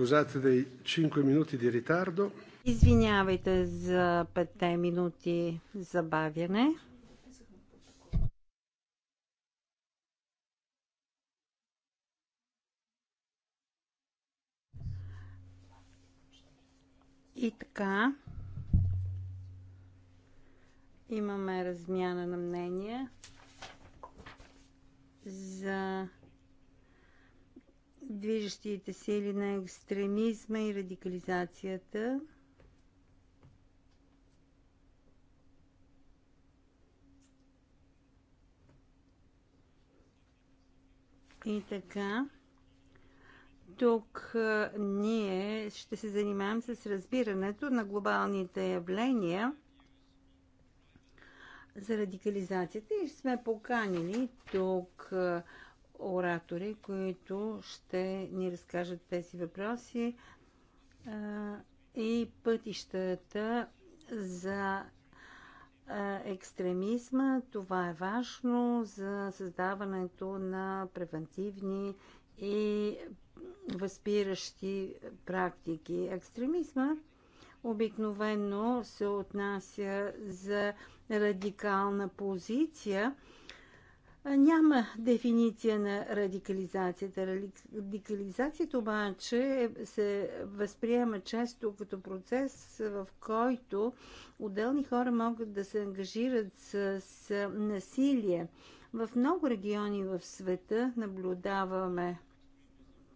Scusate dei 5 minuti di ritardo. Извинявайте за 5 минути забавяне. И така, имаме размяна на мнения за движещите сили на екстремизма и радикализацията. И така, тук ние ще се занимаем с разбирането на глобалните явления за радикализацията и сме поканили тук оратори, които ще ни разкажат тези въпроси и пътищата за екстремизма. Това е важно за създаването на превентивни и възпиращи практики. Екстремизма обикновено се отнася за радикална позиция – няма дефиниция на радикализацията. Радикализацията обаче се възприема често като процес, в който отделни хора могат да се ангажират с, с насилие. В много региони в света наблюдаваме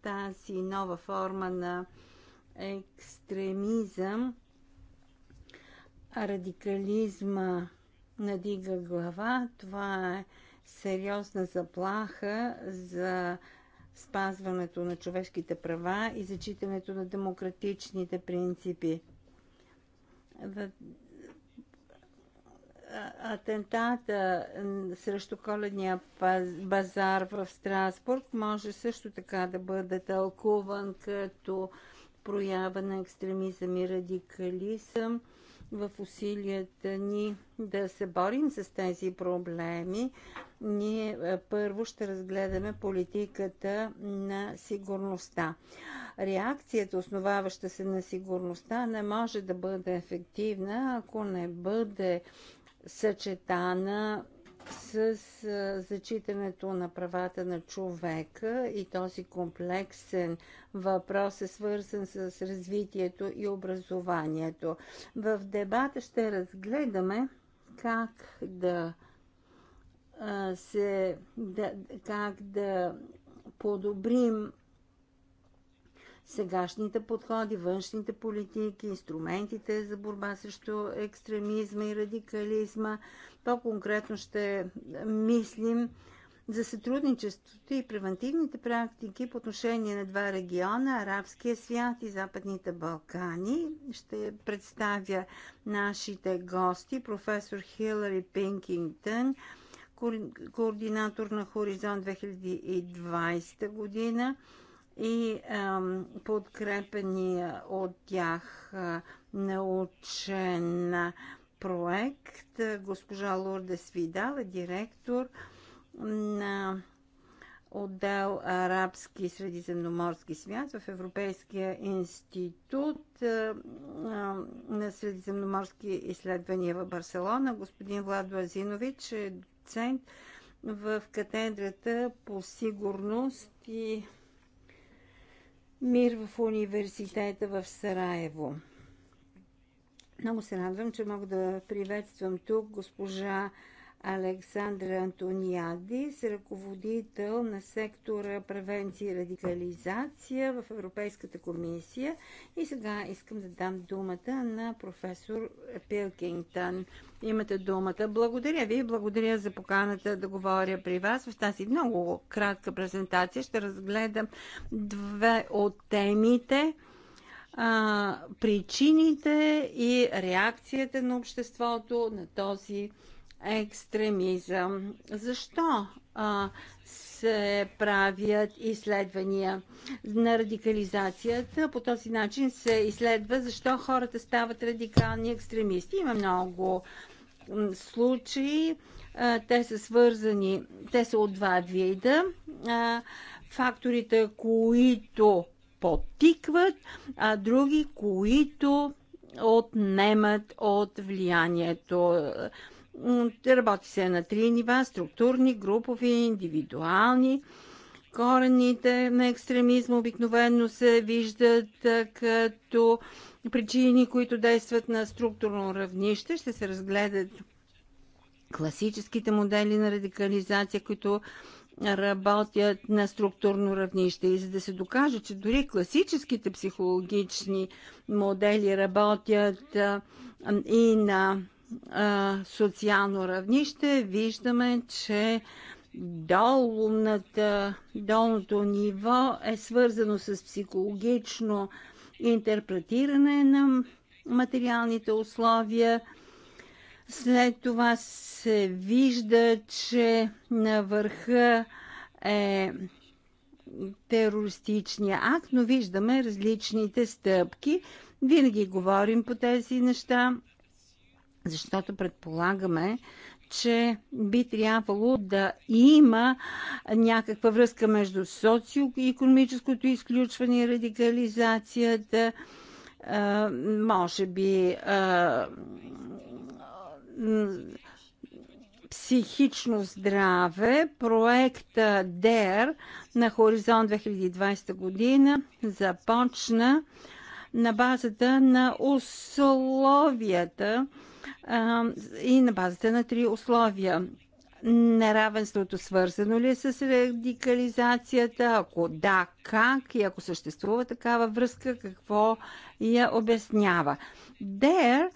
тази нова форма на екстремизъм. Радикализма надига глава. Това е сериозна заплаха за спазването на човешките права и зачитането на демократичните принципи. Атентата срещу коледния базар в Страсбург може също така да бъде тълкуван като проява на екстремизъм и радикализъм в усилията ни да се борим с тези проблеми ние е, първо ще разгледаме политиката на сигурността. Реакцията, основаваща се на сигурността, не може да бъде ефективна, ако не бъде съчетана с е, зачитането на правата на човека и този комплексен въпрос е свързан с развитието и образованието. В дебата ще разгледаме как да се, да, как да подобрим сегашните подходи, външните политики, инструментите за борба срещу екстремизма и радикализма. По-конкретно ще мислим за сътрудничеството и превентивните практики по отношение на два региона Арабския свят и Западните Балкани. Ще представя нашите гости професор Хилари Пинкингтън координатор на Хоризонт 2020 година и подкрепения от тях научен проект. Госпожа Лорде Свидал е директор на отдел Арабски Средиземноморски свят в Европейския институт на Средиземноморски изследвания в Барселона. Господин Владо Азинович е доцент в катедрата по сигурност и мир в университета в Сараево. Много се радвам, че мога да приветствам тук госпожа Александър Антониадис, ръководител на сектора превенция и радикализация в Европейската комисия. И сега искам да дам думата на професор Пилкингтън. Имате думата. Благодаря ви, благодаря за поканата да говоря при вас. В тази много кратка презентация ще разгледам две от темите а, причините и реакцията на обществото на този екстремизъм. Защо а, се правят изследвания на радикализацията? По този начин се изследва защо хората стават радикални екстремисти. Има много случаи. А, те са свързани, те са от два вида. А, факторите, които потикват, а други, които отнемат от влиянието. Работи се на три нива структурни, групови, индивидуални. Корените на екстремизма обикновено се виждат като причини, които действат на структурно равнище. Ще се разгледат класическите модели на радикализация, които работят на структурно равнище. И за да се докаже, че дори класическите психологични модели работят и на а, социално равнище, виждаме, че долната, долното ниво е свързано с психологично интерпретиране на материалните условия. След това се вижда, че на върха е терористичния акт, но виждаме различните стъпки. Винаги говорим по тези неща защото предполагаме, че би трябвало да има някаква връзка между социо-економическото изключване и радикализацията. А, може би а, психично здраве, проекта ДЕР на Хоризонт 2020 година започна на базата на условията, и на базата на три условия. Неравенството свързано ли е с радикализацията? Ако да, как? И ако съществува такава връзка, какво я обяснява? ДЕР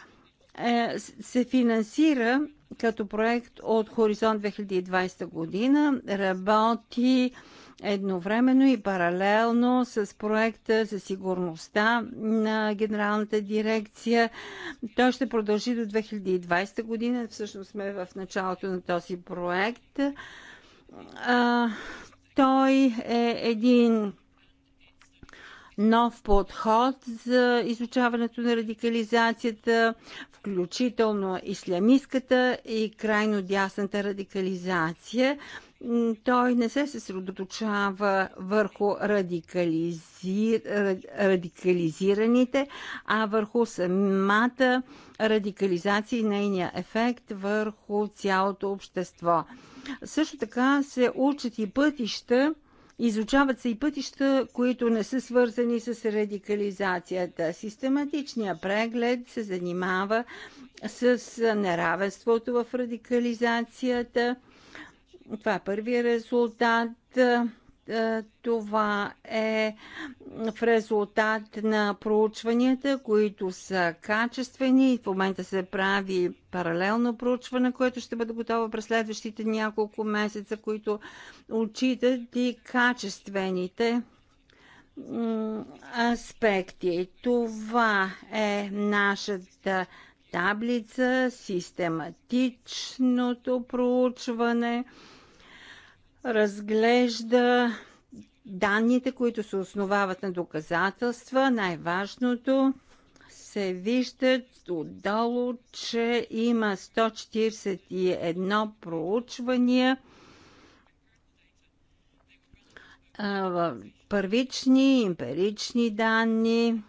се финансира като проект от Хоризонт 2020 година, работи едновременно и паралелно с проекта за сигурността на Генералната дирекция. Той ще продължи до 2020 година. Всъщност сме в началото на този проект. Той е един нов подход за изучаването на радикализацията, включително ислямистката и крайно дясната радикализация той не се съсредоточава върху радикализи... радикализираните, а върху самата радикализация и нейния ефект върху цялото общество. Също така се учат и пътища, Изучават се и пътища, които не са свързани с радикализацията. Систематичният преглед се занимава с неравенството в радикализацията, това е първият резултат. Е, е, това е в резултат на проучванията, които са качествени в момента се прави паралелно проучване, което ще бъде готово през следващите няколко месеца, които отчитат и качествените аспекти. Това е нашата таблица, систематичното проучване разглежда данните, които се основават на доказателства. Най-важното се вижда отдолу, че има 141 проучвания първични, имперични данни,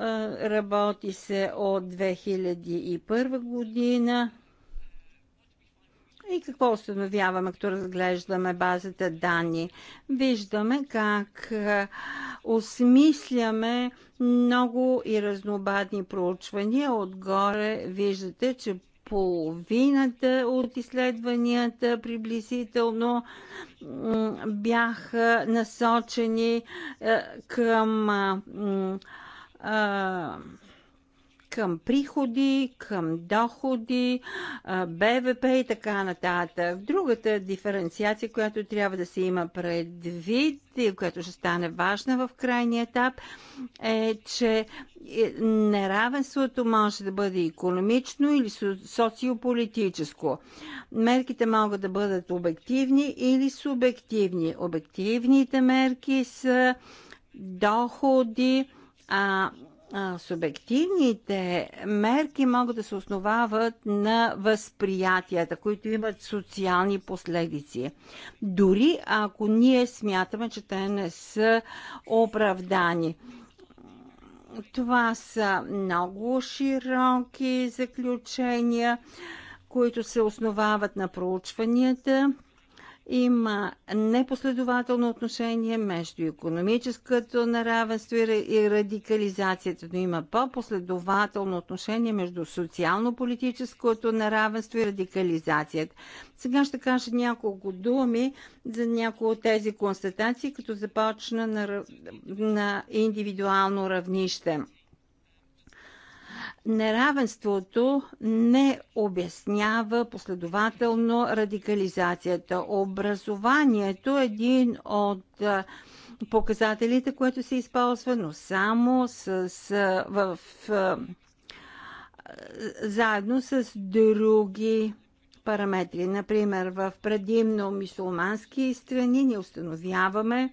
Работи се от 2001 година. И какво установяваме, като разглеждаме базата данни? Виждаме как осмисляме много и разнобадни проучвания. Отгоре виждате, че половината от изследванията приблизително бяха насочени към а, към приходи, към доходи, БВП и така нататък. Другата диференциация, която трябва да се има предвид и която ще стане важна в крайния етап, е, че е, неравенството може да бъде економично или социополитическо. Мерките могат да бъдат обективни или субективни. Обективните мерки са доходи, а, а субективните мерки могат да се основават на възприятията, които имат социални последици. Дори ако ние смятаме, че те не са оправдани. Това са много широки заключения, които се основават на проучванията, има непоследователно отношение между економическото неравенство и радикализацията, но има по-последователно отношение между социално-политическото неравенство и радикализацията. Сега ще кажа няколко думи за някои от тези констатации, като започна на, на индивидуално равнище. Неравенството не обяснява последователно радикализацията. Образованието е един от показателите, което се използва, но само с, с, в, в, заедно с други параметри. Например, в предимно мисулмански страни ни установяваме,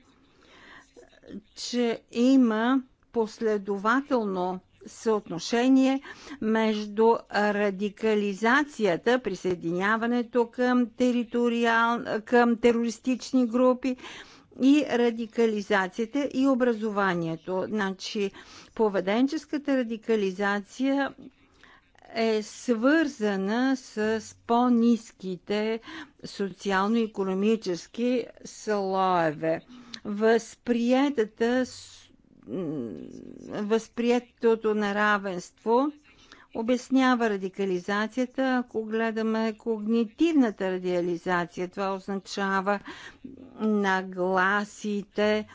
че има последователно съотношение между радикализацията, присъединяването към, териториал, към терористични групи и радикализацията и образованието. Значи, поведенческата радикализация е свързана с по-низките социално-економически слоеве. Възприетата възприетото неравенство обяснява радикализацията, ако гледаме когнитивната радикализация. Това означава нагласите.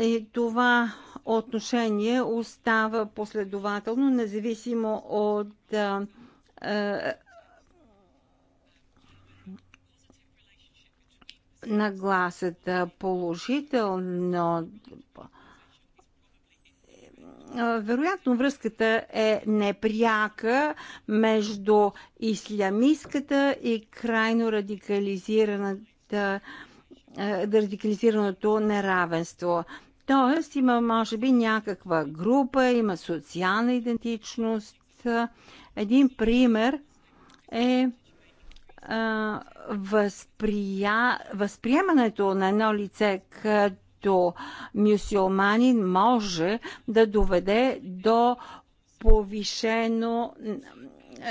И това отношение остава последователно, независимо от нагласата. Положително вероятно връзката е непряка между ислямистката и крайно радикализираната радикализираното неравенство. Тоест има, може би, някаква група, има социална идентичност. Един пример е възприя... възприемането на едно лице като мюсюлманин може да доведе до повишено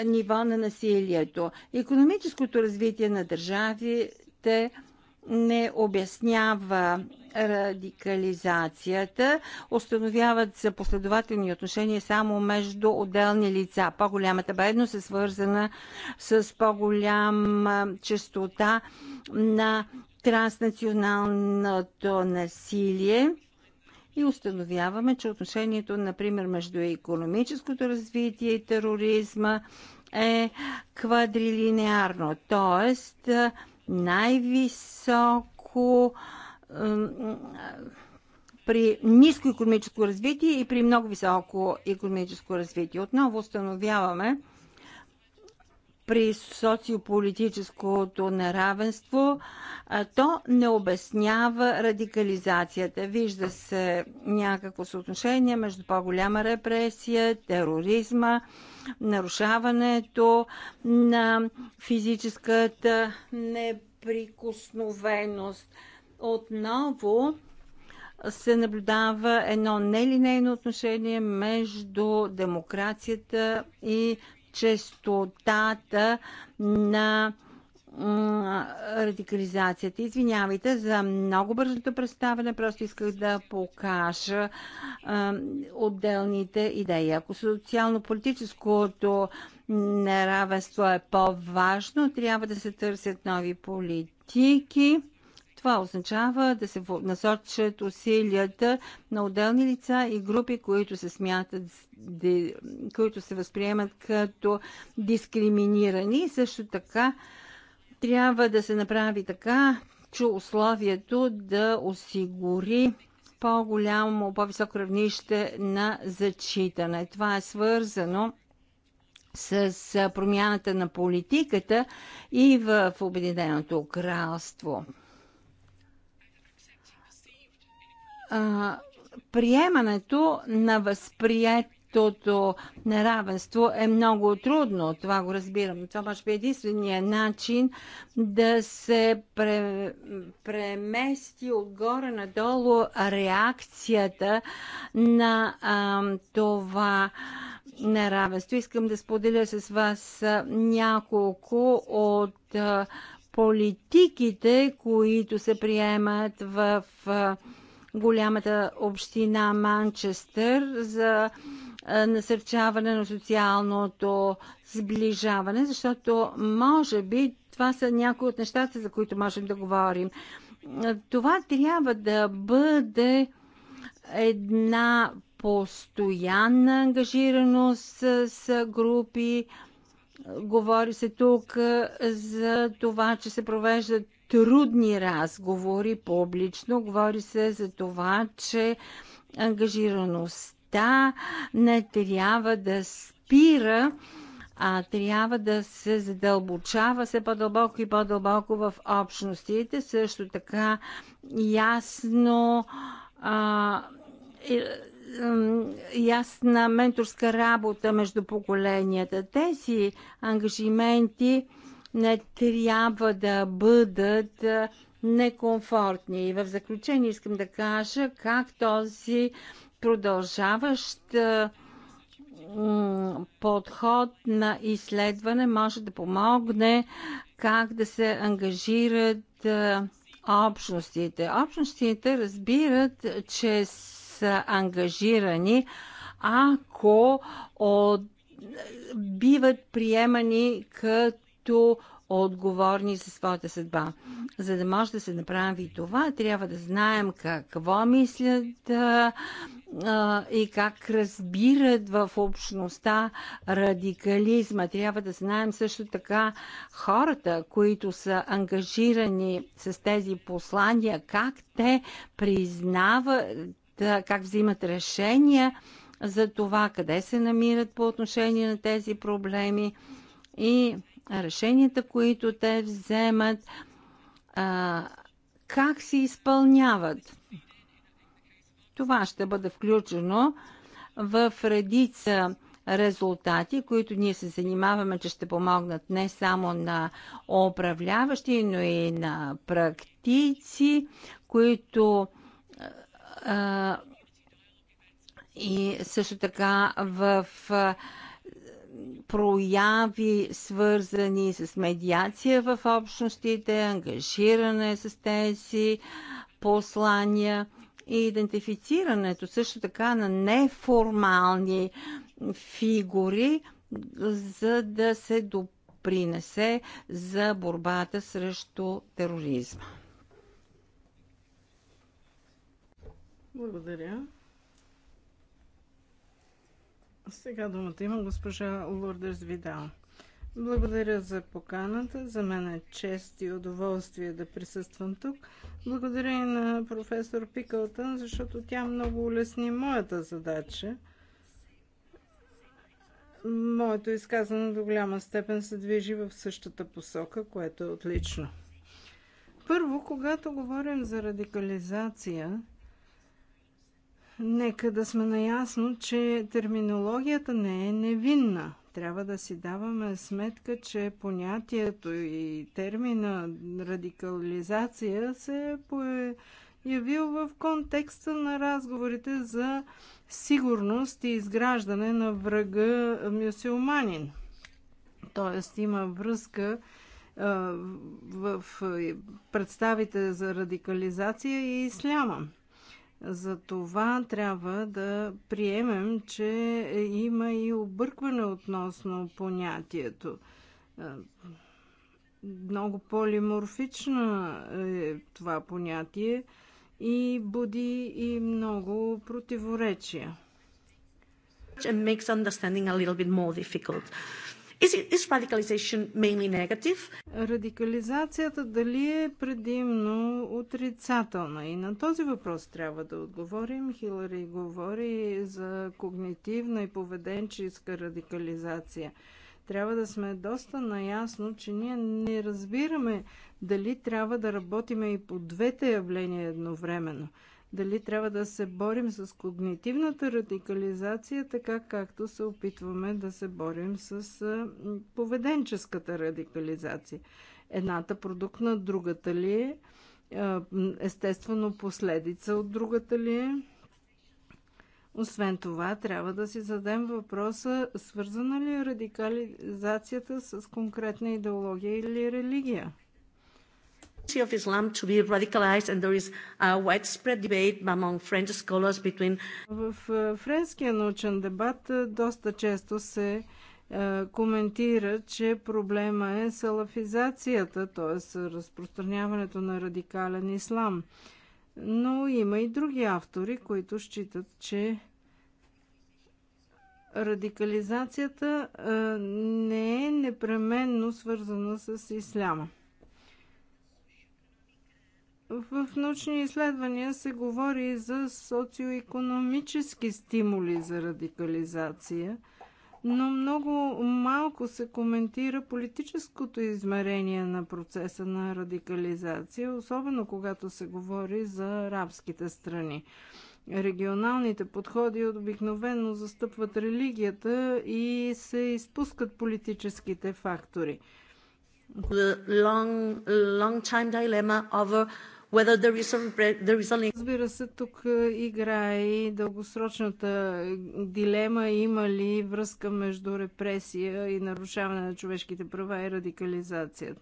ниво на насилието. Економическото развитие на държавите не обяснява радикализацията, установяват за последователни отношения само между отделни лица. По-голямата бедност е свързана с по-голяма частота на транснационалното насилие и установяваме, че отношението, например, между економическото развитие и тероризма е квадрилинеарно, т.е най-високо при ниско економическо развитие и при много високо економическо развитие. Отново установяваме, при социополитическото неравенство, то не обяснява радикализацията. Вижда се някакво съотношение между по-голяма репресия, тероризма, нарушаването на физическата неприкосновеност. Отново се наблюдава едно нелинейно отношение между демокрацията и честотата на радикализацията. Извинявайте за много бързото представяне, просто исках да покажа а, отделните идеи. Ако социално-политическото неравенство е по-важно, трябва да се търсят нови политики това означава да се насочат усилията на отделни лица и групи, които се смятат, които се възприемат като дискриминирани. също така трябва да се направи така, че условието да осигури по-голямо, по-високо равнище на зачитане. Това е свързано с промяната на политиката и в Обединеното кралство. приемането на възприят Тото неравенство е много трудно. Това го разбирам. Това може би е единствения начин да се пре, премести отгоре надолу реакцията на а, това неравенство. Искам да споделя с вас няколко от а, политиките, които се приемат в. А, голямата община Манчестър за насърчаване на социалното сближаване, защото може би това са някои от нещата, за които можем да говорим. Това трябва да бъде една постоянна ангажираност с, с групи, Говори се тук за това, че се провеждат трудни разговори публично. Говори се за това, че ангажираността не трябва да спира а трябва да се задълбочава все по-дълбоко и по-дълбоко в общностите. Също така ясно а, ясна менторска работа между поколенията. Тези ангажименти не трябва да бъдат некомфортни. И в заключение искам да кажа как този продължаващ подход на изследване може да помогне как да се ангажират общностите. Общностите разбират, че са ангажирани, ако от, биват приемани като отговорни за своята съдба. За да може да се направи това, трябва да знаем какво мислят а, а, и как разбират в общността радикализма. Трябва да знаем също така хората, които са ангажирани с тези послания, как те признават как взимат решения за това къде се намират по отношение на тези проблеми и решенията, които те вземат, как се изпълняват. Това ще бъде включено в редица резултати, които ние се занимаваме, че ще помогнат не само на управляващи, но и на практици, които и също така в прояви, свързани с медиация в общностите, ангажиране с тези послания и идентифицирането също така на неформални фигури, за да се допринесе за борбата срещу тероризма. Благодаря. Сега думата има госпожа Лурдес Видал. Благодаря за поканата. За мен е чест и удоволствие да присъствам тук. Благодаря и на професор Пикълтън, защото тя много улесни моята задача. Моето изказване до голяма степен се движи в същата посока, което е отлично. Първо, когато говорим за радикализация, Нека да сме наясно, че терминологията не е невинна. Трябва да си даваме сметка, че понятието и термина радикализация се появил в контекста на разговорите за сигурност и изграждане на врага мюсюлманин. Тоест има връзка в представите за радикализация и исляма. За това трябва да приемем, че има и объркване относно понятието. Е, много полиморфично е това понятие и буди и много противоречия. And makes understanding a little bit more difficult. Is, is radicalization mainly negative? Радикализацията дали е предимно отрицателна? И на този въпрос трябва да отговорим. Хилари говори за когнитивна и поведенческа радикализация. Трябва да сме доста наясно, че ние не разбираме дали трябва да работиме и по двете явления едновременно – дали трябва да се борим с когнитивната радикализация, така както се опитваме да се борим с поведенческата радикализация. Едната продукт на другата ли е? Естествено последица от другата ли е? Освен това, трябва да си зададем въпроса, свързана ли е радикализацията с конкретна идеология или религия? of Islam to be radicalized and there is a widespread debate among French scholars between В френския научен дебат е, доста често се е, коментира, че проблема е салафизацията, т.е. разпространяването на радикален ислам. Но има и други автори, които считат, че радикализацията е, не е непременно свързана с исляма. В научни изследвания се говори за социоекономически стимули за радикализация, но много малко се коментира политическото измерение на процеса на радикализация, особено когато се говори за арабските страни. Регионалните подходи обикновено застъпват религията и се изпускат политическите фактори. The long, long time dilemma over Разбира се, тук играе и дългосрочната дилема има ли връзка между репресия и нарушаване на човешките права и радикализацията.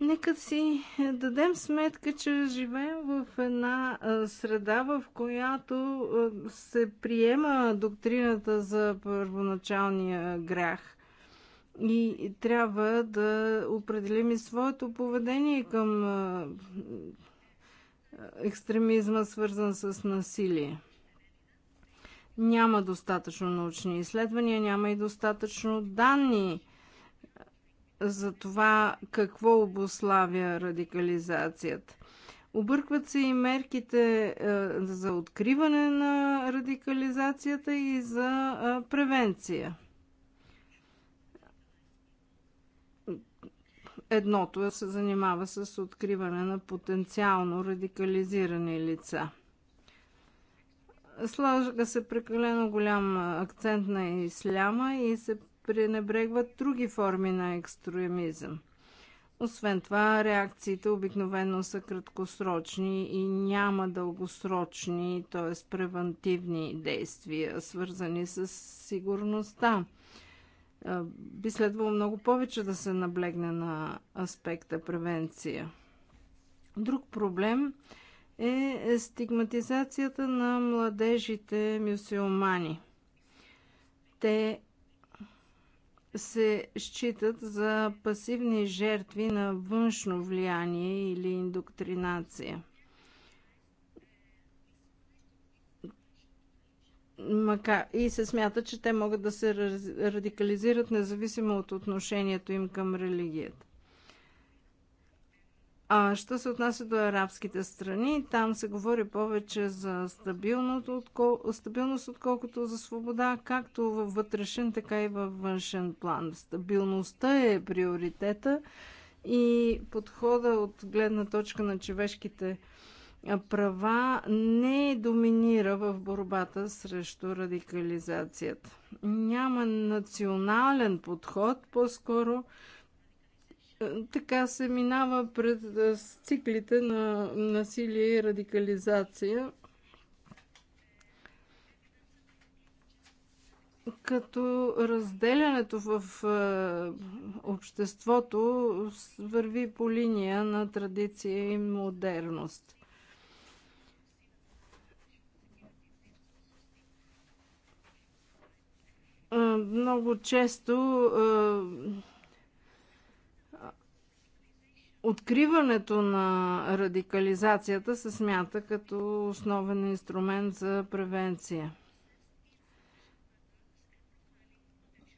Нека си дадем сметка, че живеем в една среда, в която се приема доктрината за първоначалния грях и трябва да определим и своето поведение към екстремизма, свързан с насилие. Няма достатъчно научни изследвания, няма и достатъчно данни за това какво обославя радикализацията. Объркват се и мерките за откриване на радикализацията и за превенция. Едното е се занимава с откриване на потенциално радикализирани лица. Слага се прекалено голям акцент на исляма и се пренебрегват други форми на екстремизъм. Освен това, реакциите обикновено са краткосрочни и няма дългосрочни, т.е. превентивни действия, свързани с сигурността би следвало много повече да се наблегне на аспекта превенция. Друг проблем е стигматизацията на младежите мюсюлмани. Те се считат за пасивни жертви на външно влияние или индоктринация – Мака, и се смята, че те могат да се радикализират независимо от отношението им към религията. А що се отнася до арабските страни, там се говори повече за отколко, стабилност, отколкото за свобода, както във вътрешен, така и във външен план. Стабилността е приоритета и подхода от гледна точка на човешките права не доминира в борбата срещу радикализацията. Няма национален подход, по-скоро е, така се минава пред е, циклите на насилие и радикализация. Като разделянето в е, обществото върви по линия на традиция и модерност. много често откриването на радикализацията се смята като основен инструмент за превенция.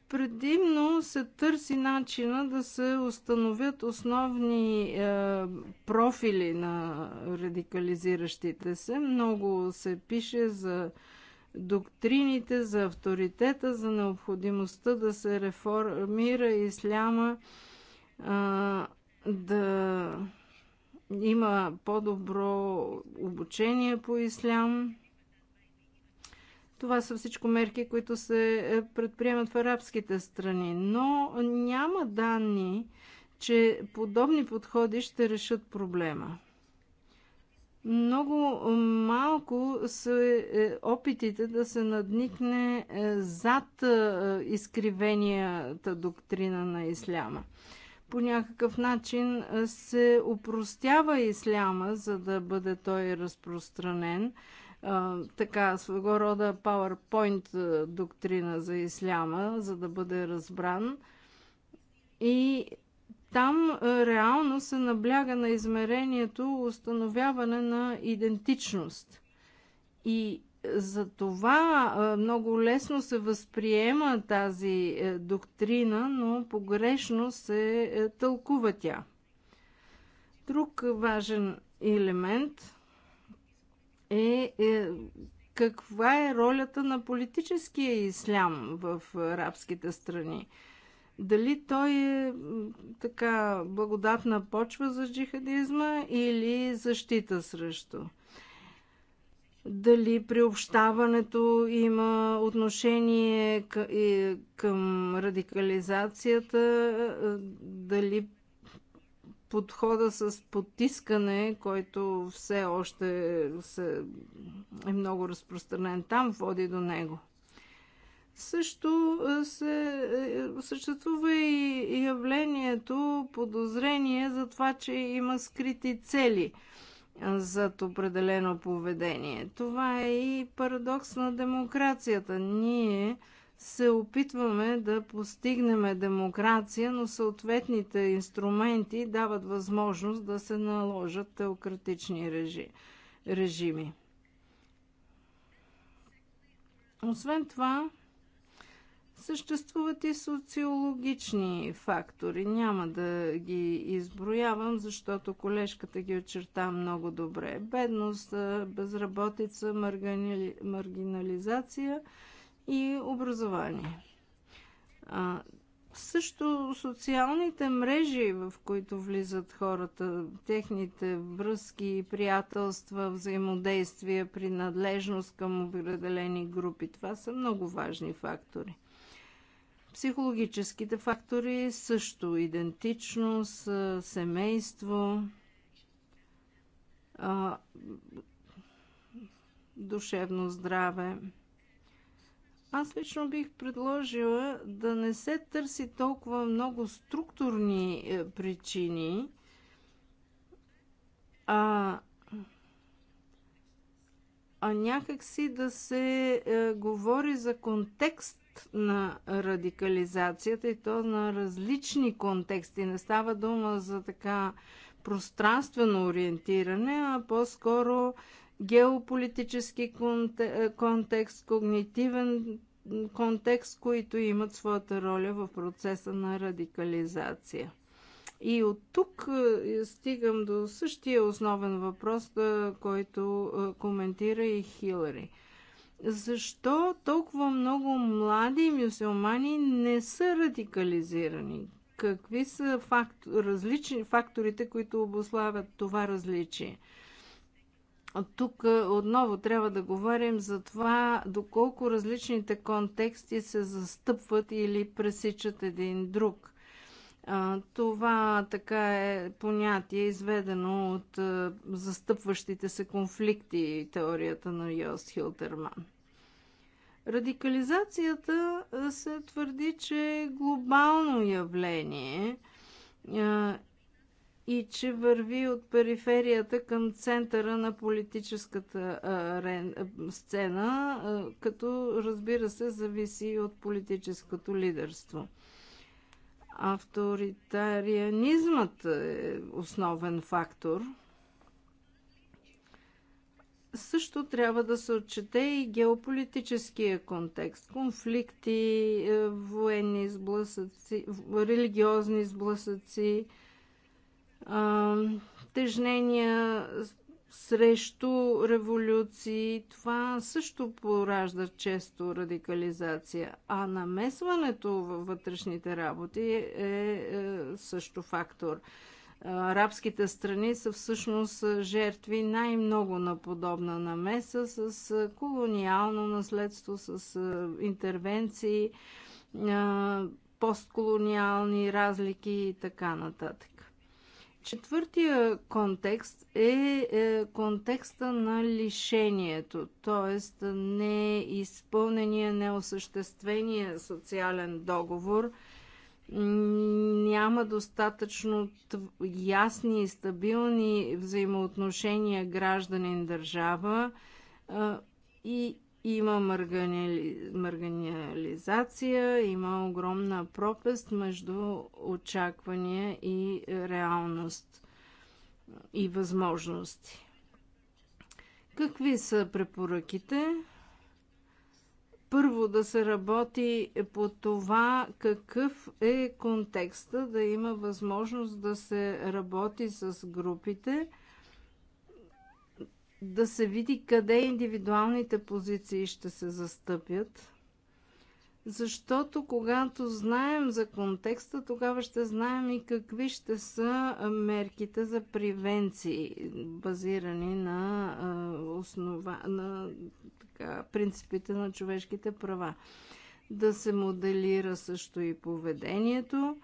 Предимно се търси начина да се установят основни е, профили на радикализиращите се. Много се пише за е, доктрините за авторитета, за необходимостта да се реформира исляма, да има по-добро обучение по ислям. Това са всичко мерки, които се е, предприемат в арабските страни. Но няма данни, че подобни подходи ще решат проблема много малко са е, опитите да се надникне е, зад е, изкривенията доктрина на исляма. По някакъв начин се упростява исляма, за да бъде той разпространен. Така, своего рода PowerPoint доктрина за исляма, за да бъде разбран. И там е, реално се набляга на измерението установяване на идентичност. И е, за това е, много лесно се възприема тази доктрина, но погрешно се тълкува тя. Друг важен елемент е, каква е ролята на политическия ислям в арабските страни дали той е така благодатна почва за джихадизма или защита срещу. Дали приобщаването има отношение към радикализацията, дали подхода с потискане, който все още е много разпространен там, води до него също се, съществува и явлението, подозрение за това, че има скрити цели зад определено поведение. Това е и парадокс на демокрацията. Ние се опитваме да постигнем демокрация, но съответните инструменти дават възможност да се наложат теократични режи, режими. Освен това, Съществуват и социологични фактори. Няма да ги изброявам, защото колежката ги очерта много добре. Бедност, безработица, маргани... маргинализация и образование. А, също социалните мрежи, в които влизат хората, техните връзки, приятелства, взаимодействия, принадлежност към определени групи, това са много важни фактори. Психологическите фактори също идентичност, семейство, душевно здраве. Аз лично бих предложила да не се търси толкова много структурни е, причини, а а някакси да се е, говори за контекст на радикализацията и то на различни контексти. Не става дума за така пространствено ориентиране, а по-скоро геополитически е, контекст, когнитивен контекст, които имат своята роля в процеса на радикализация. И от тук е, стигам до същия основен въпрос, е, който е, коментира и Хилари. Защо толкова много млади мюсюлмани не са радикализирани? Какви са фактор, различни, факторите, които обославят това различие? Тук отново трябва да говорим за това доколко различните контексти се застъпват или пресичат един друг – това така е понятие, изведено от застъпващите се конфликти теорията на Йост Хилтерман. Радикализацията се твърди, че е глобално явление и че върви от периферията към центъра на политическата сцена, като разбира се зависи от политическото лидерство. Авторитарианизмът е основен фактор. Също трябва да се отчете и геополитическия контекст. Конфликти, е, военни сблъсъци, религиозни сблъсъци, тежнения срещу революции. Това също поражда често радикализация. А намесването във вътрешните работи е, е, е също фактор. Арабските страни са всъщност жертви най-много на подобна намеса с колониално наследство, с интервенции, постколониални разлики и така нататък. Четвъртия контекст е, е контекста на лишението, т.е. неизпълнения, неосъществения социален договор няма достатъчно ясни и стабилни взаимоотношения гражданин-държава и има маргани... марганиализация, има огромна пропаст между очаквания и реалност и възможности. Какви са препоръките? Първо да се работи по това какъв е контекста, да има възможност да се работи с групите – да се види къде индивидуалните позиции ще се застъпят. Защото когато знаем за контекста, тогава ще знаем и какви ще са мерките за превенции, базирани на, основа, на така, принципите на човешките права. Да се моделира също и поведението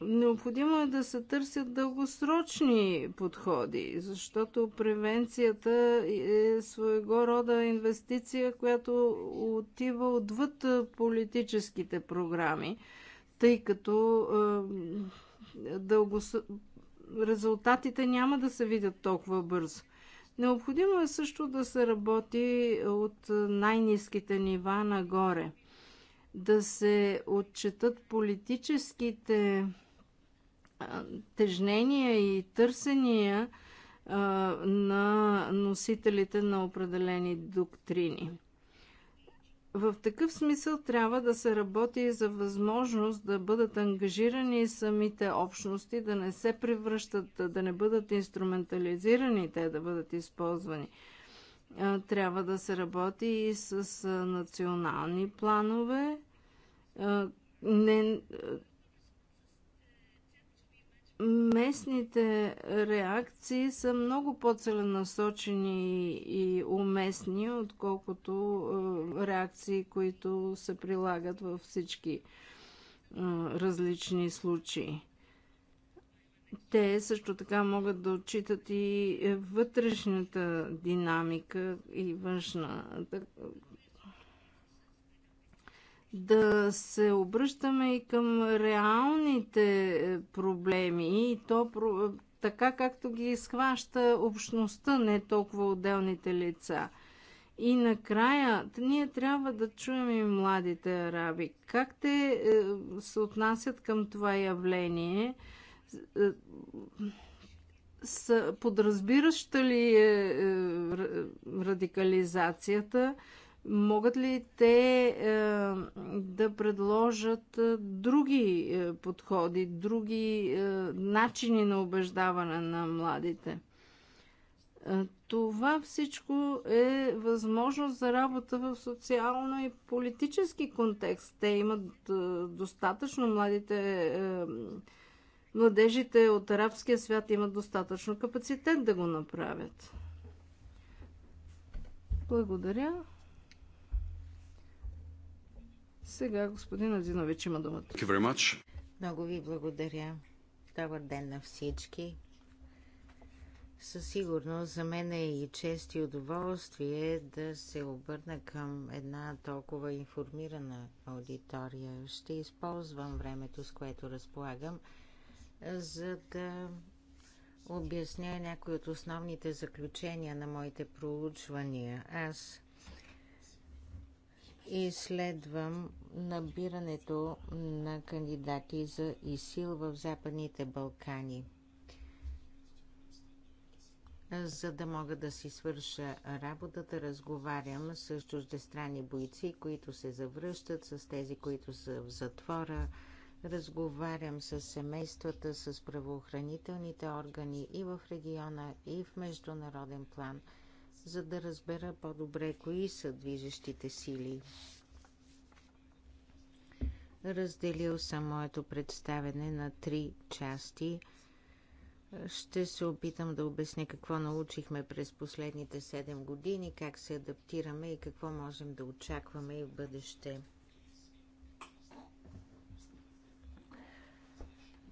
Необходимо е да се търсят дългосрочни подходи, защото превенцията е своего рода инвестиция, която отива отвъд политическите програми, тъй като е, дългос... резултатите няма да се видят толкова бързо. Необходимо е също да се работи от най-низките нива нагоре да се отчетат политическите тежнения и търсения на носителите на определени доктрини. В такъв смисъл трябва да се работи и за възможност да бъдат ангажирани самите общности, да не се превръщат, да не бъдат инструментализирани, те да бъдат използвани. Трябва да се работи и с национални планове. Не, местните реакции са много по-целенасочени и уместни, отколкото е, реакции, които се прилагат във всички е, различни случаи. Те също така могат да отчитат и вътрешната динамика и външна да се обръщаме и към реалните е, проблеми и то е, така както ги изхваща общността, не толкова отделните лица. И накрая, ние трябва да чуем и младите араби. Как те е, се отнасят към това явление? Подразбираща ли е радикализацията? Могат ли те е, да предложат е, други е, подходи, други е, начини на убеждаване на младите? Е, това всичко е възможност за работа в социално и политически контекст. Те имат е, достатъчно младите, младежите от арабския свят имат достатъчно капацитет да го направят. Благодаря. Сега господин Азинович има думата. Много ви благодаря. Добър ден на всички. Със сигурност за мен е и чест и удоволствие да се обърна към една толкова информирана аудитория. Ще използвам времето, с което разполагам, за да обясня някои от основните заключения на моите проучвания. Аз изследвам набирането на кандидати за ИСИЛ в Западните Балкани, за да мога да си свърша работата. Разговарям с чуждестранни бойци, които се завръщат, с тези, които са в затвора. Разговарям с семействата, с правоохранителните органи и в региона, и в международен план – за да разбера по-добре кои са движещите сили. Разделил съм моето представене на три части. Ще се опитам да обясня какво научихме през последните 7 години, как се адаптираме и какво можем да очакваме и в бъдеще.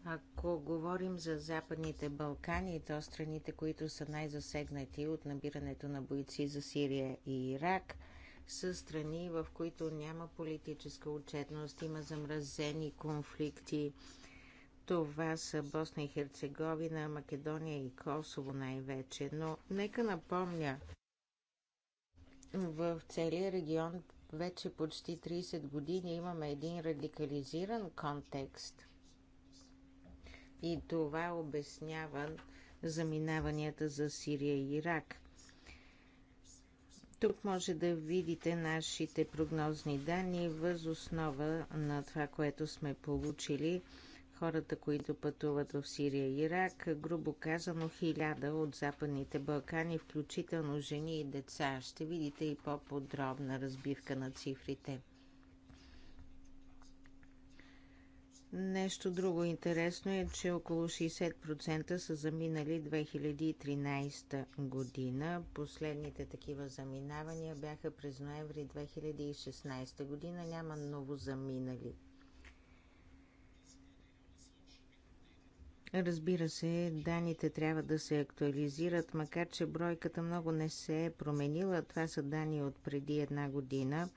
Ако говорим за Западните Балкани, то страните, които са най-засегнати от набирането на бойци за Сирия и Ирак, са страни, в които няма политическа отчетност, има замразени конфликти. Това са Босна и Херцеговина, Македония и Косово най-вече. Но нека напомня, в целия регион вече почти 30 години имаме един радикализиран контекст – и това обяснява заминаванията за Сирия и Ирак. Тук може да видите нашите прогнозни данни въз основа на това, което сме получили. Хората, които пътуват в Сирия и Ирак, грубо казано хиляда от Западните Балкани, включително жени и деца. Ще видите и по-подробна разбивка на цифрите. Нещо друго интересно е, че около 60% са заминали 2013 година. Последните такива заминавания бяха през ноември 2016 година. Няма ново заминали. Разбира се, данните трябва да се актуализират, макар че бройката много не се е променила. Това са данни от преди една година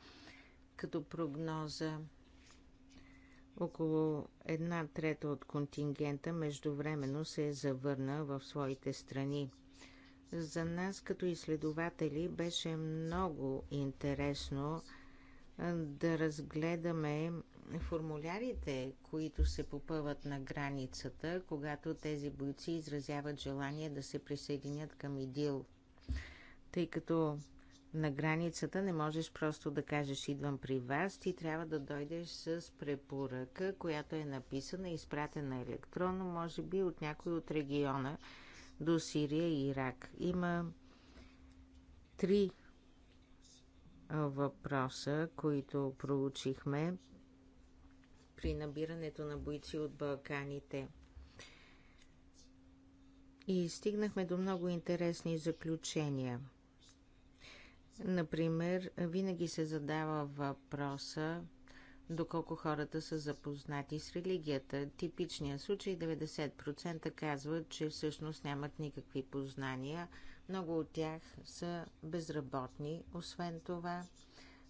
като прогноза около една трета от контингента междувременно се е завърна в своите страни. За нас като изследователи беше много интересно да разгледаме формулярите, които се попъват на границата, когато тези бойци изразяват желание да се присъединят към ИДИЛ. Тъй като на границата не можеш просто да кажеш идвам при вас, ти трябва да дойдеш с препоръка, която е написана, изпратена електронно, може би от някой от региона до Сирия и Ирак. Има три въпроса, които проучихме при набирането на бойци от Балканите. И стигнахме до много интересни заключения – Например, винаги се задава въпроса доколко хората са запознати с религията. Типичният случай 90% казват, че всъщност нямат никакви познания. Много от тях са безработни. Освен това,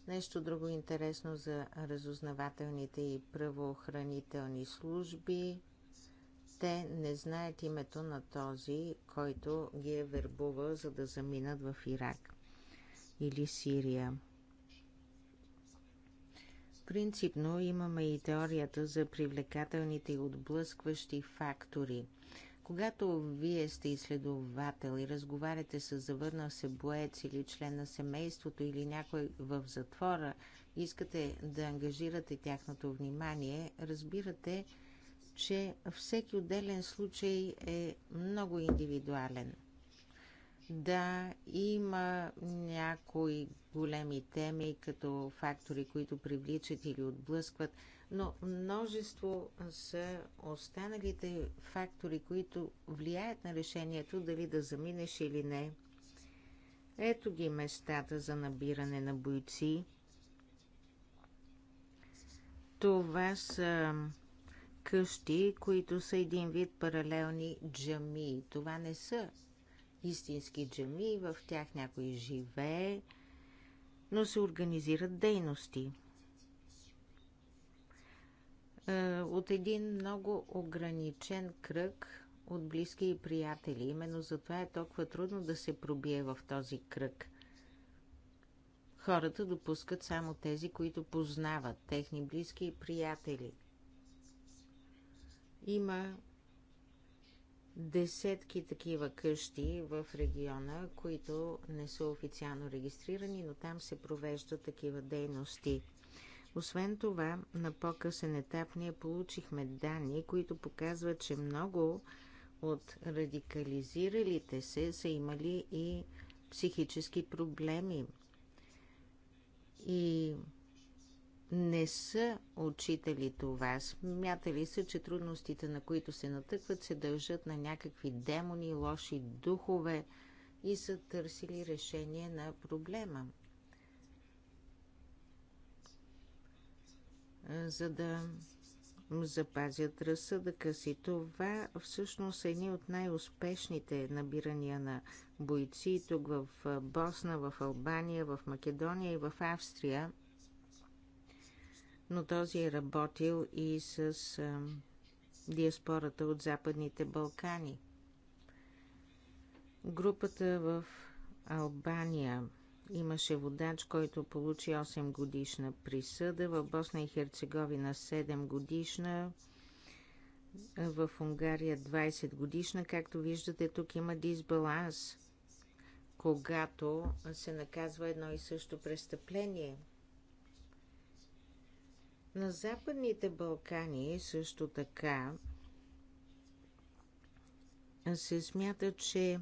нещо друго интересно за разузнавателните и правоохранителни служби. Те не знаят името на този, който ги е вербувал, за да заминат в Ирак или Сирия. Принципно имаме и теорията за привлекателните и отблъскващи фактори. Когато вие сте изследовател и разговаряте с завърнал се боец или член на семейството или някой в затвора, искате да ангажирате тяхното внимание, разбирате, че всеки отделен случай е много индивидуален – да, има някои големи теми, като фактори, които привличат или отблъскват, но множество са останалите фактори, които влияят на решението дали да заминеш или не. Ето ги местата за набиране на бойци. Това са къщи, които са един вид паралелни джами. Това не са истински джами, в тях някой живее, но се организират дейности. Е, от един много ограничен кръг от близки и приятели. Именно затова е толкова трудно да се пробие в този кръг. Хората допускат само тези, които познават, техни близки и приятели. Има десетки такива къщи в региона, които не са официално регистрирани, но там се провеждат такива дейности. Освен това, на по-късен етап ние получихме данни, които показват, че много от радикализиралите се са имали и психически проблеми. И не са отчитали това. Смятали са, че трудностите, на които се натъкват, се дължат на някакви демони, лоши духове и са търсили решение на проблема. За да запазят разсъдъка си. Това всъщност е едни от най-успешните набирания на бойци тук в Босна, в Албания, в Македония и в Австрия – но този е работил и с диаспората от Западните Балкани. Групата в Албания имаше водач, който получи 8 годишна присъда, в Босна и Херцеговина 7 годишна, в Унгария 20 годишна. Както виждате, тук има дисбаланс, когато се наказва едно и също престъпление – на Западните Балкани също така се смята, че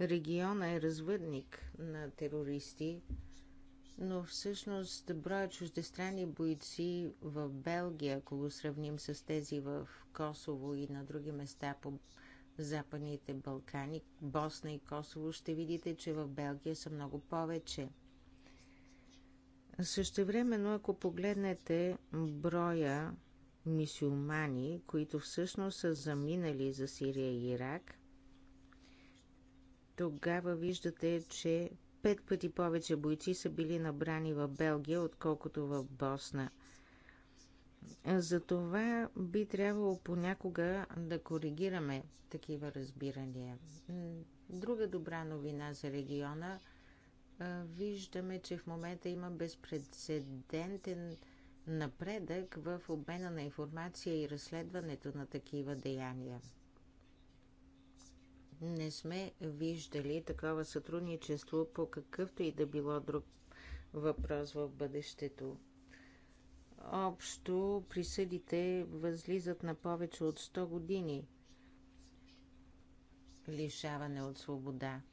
региона е развъдник на терористи, но всъщност броя чуждестранни бойци в Белгия, ако го сравним с тези в Косово и на други места по Западните Балкани, Босна и Косово, ще видите, че в Белгия са много повече – Същевременно, ако погледнете броя мисюлмани, които всъщност са заминали за Сирия и Ирак, тогава виждате, че пет пъти повече бойци са били набрани в Белгия, отколкото в Босна. Затова би трябвало понякога да коригираме такива разбирания. Друга добра новина за региона – виждаме, че в момента има безпредседентен напредък в обмена на информация и разследването на такива деяния. Не сме виждали такова сътрудничество по какъвто и да било друг въпрос в бъдещето. Общо присъдите възлизат на повече от 100 години лишаване от свобода –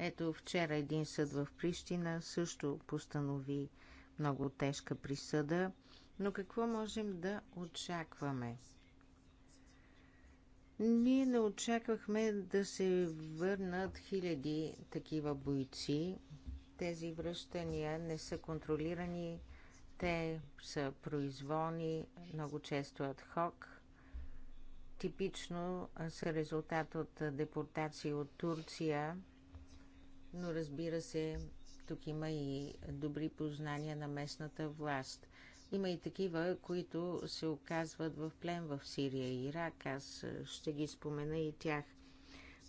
ето вчера един съд в Прищина също постанови много тежка присъда, но какво можем да очакваме? Ние не очаквахме да се върнат хиляди такива бойци. Тези връщания не са контролирани, те са произволни, много често адхок. Типично са резултат от депортации от Турция – но разбира се, тук има и добри познания на местната власт. Има и такива, които се оказват в плен в Сирия и Ирак. Аз ще ги спомена и тях.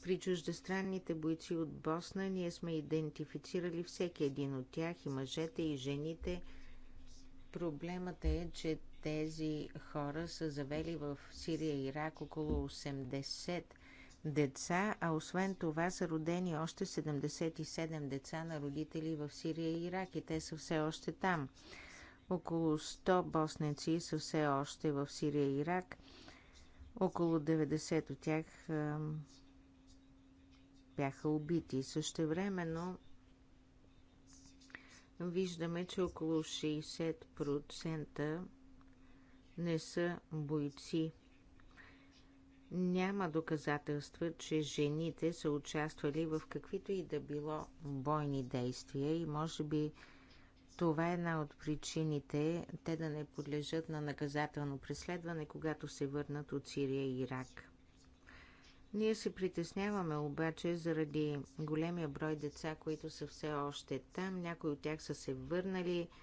При чуждестранните бойци от Босна ние сме идентифицирали всеки един от тях, и мъжете, и жените. Проблемът е, че тези хора са завели в Сирия и Ирак около 80 деца, а освен това са родени още 77 деца на родители в Сирия и Ирак и те са все още там. Около 100 босненци са все още в Сирия и Ирак. Около 90 от тях бяха убити. Същевременно виждаме, че около 60% не са бойци няма доказателства, че жените са участвали в каквито и да било бойни действия и може би това е една от причините те да не подлежат на наказателно преследване, когато се върнат от Сирия и Ирак. Ние се притесняваме обаче заради големия брой деца, които са все още там. Някои от тях са се върнали –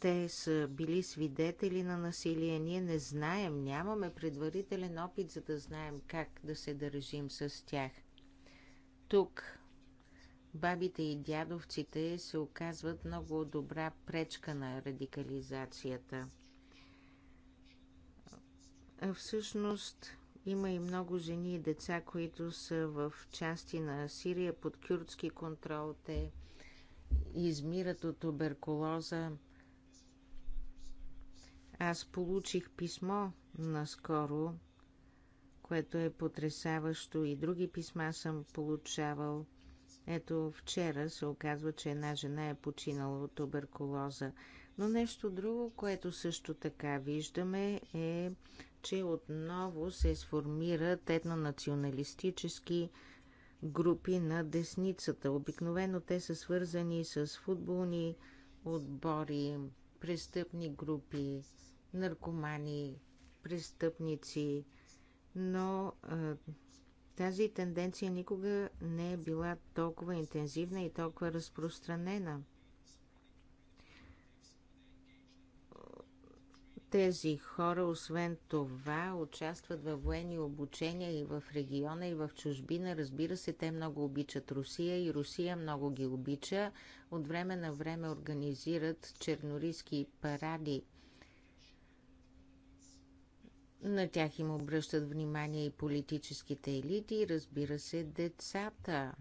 те са били свидетели на насилие. Ние не знаем, нямаме предварителен опит, за да знаем как да се държим с тях. Тук бабите и дядовците се оказват много добра пречка на радикализацията. А всъщност има и много жени и деца, които са в части на Сирия под кюрдски контрол. Те измират от туберкулоза. Аз получих писмо наскоро, което е потрясаващо и други писма съм получавал. Ето вчера се оказва, че една жена е починала от туберкулоза. Но нещо друго, което също така виждаме е, че отново се сформират етнонационалистически групи на десницата. Обикновено те са свързани с футболни отбори, престъпни групи, наркомани, престъпници, но а, тази тенденция никога не е била толкова интензивна и толкова разпространена. Тези хора, освен това, участват във военни обучения и в региона, и в чужбина. Разбира се, те много обичат Русия и Русия много ги обича. От време на време организират чернориски паради на тях им обръщат внимание и политическите елити, и разбира се, децата.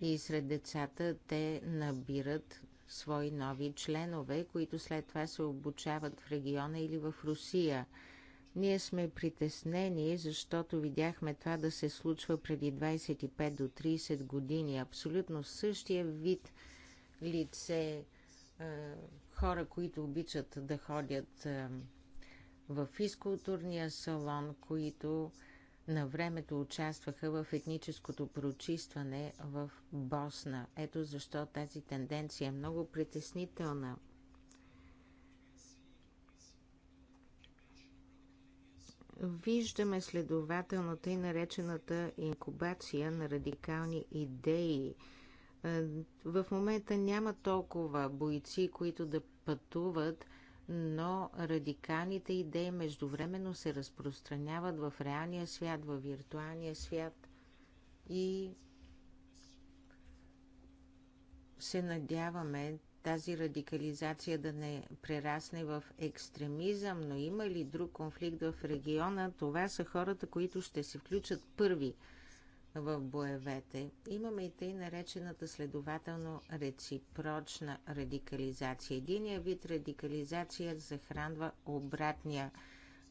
И сред децата те набират свои нови членове, които след това се обучават в региона или в Русия. Ние сме притеснени, защото видяхме това да се случва преди 25 до 30 години. Абсолютно същия вид лице, хора, които обичат да ходят в физкултурния салон, които на времето участваха в етническото прочистване в Босна. Ето защо тази тенденция е много притеснителна. Виждаме следователно тъй наречената инкубация на радикални идеи. Е, в момента няма толкова бойци, които да пътуват но радикалните идеи междувременно се разпространяват в реалния свят, в виртуалния свят и се надяваме тази радикализация да не прерасне в екстремизъм, но има ли друг конфликт в региона? Това са хората, които ще се включат първи – в боевете. Имаме и тъй наречената следователно реципрочна радикализация. Единия вид радикализация захранва обратния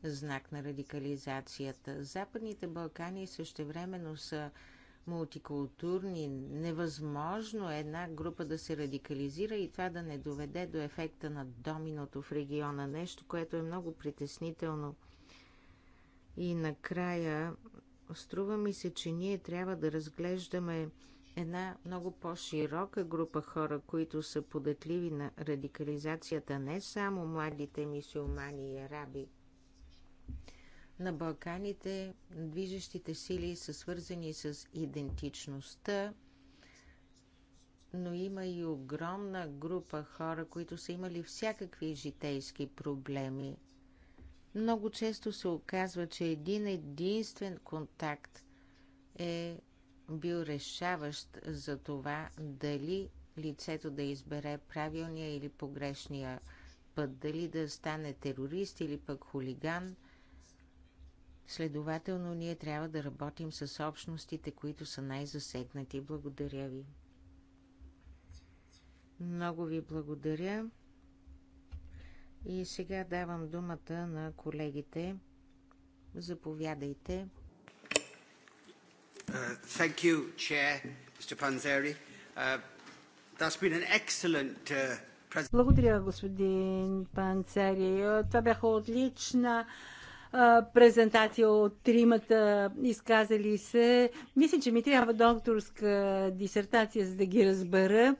знак на радикализацията. Западните Балкани същевременно са мултикултурни. Невъзможно е една група да се радикализира и това да не доведе до ефекта на доминото в региона. Нещо, което е много притеснително. И накрая Струва ми се, че ние трябва да разглеждаме една много по-широка група хора, които са податливи на радикализацията, не само младите мисиомани и араби. На Балканите движещите сили са свързани с идентичността, но има и огромна група хора, които са имали всякакви житейски проблеми. Много често се оказва, че един единствен контакт е бил решаващ за това дали лицето да избере правилния или погрешния път, дали да стане терорист или пък хулиган. Следователно, ние трябва да работим с общностите, които са най-засегнати. Благодаря ви. Много ви благодаря. И сега давам думата на колегите. Заповядайте. Uh, thank you, Chair, Mr. Panzeri. Uh, that's been an excellent uh, благодаря, господин Панцери. Това бяха отлична презентация от тримата изказали се. Мисля, че ми трябва докторска дисертация, за да ги разбера.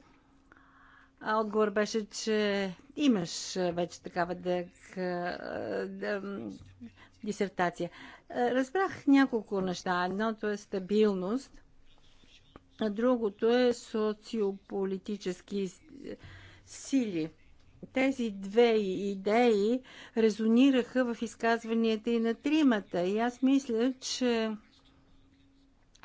Отговор беше, че имаш вече такава дък, дисертация. Разбрах няколко неща. Едното е стабилност, а другото е социополитически сили. Тези две идеи резонираха в изказванията и на тримата. И аз мисля, че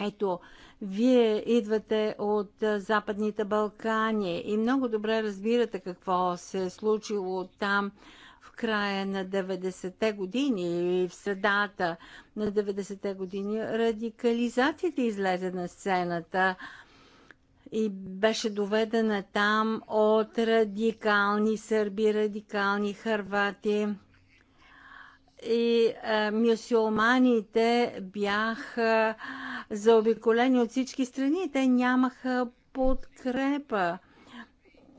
ето, вие идвате от Западните Балкани и много добре разбирате какво се е случило там в края на 90-те години и в средата на 90-те години. Радикализацията излезе на сцената и беше доведена там от радикални сърби, радикални харвати, и а, е, мюсюлманите бяха заобиколени от всички страни. Те нямаха подкрепа.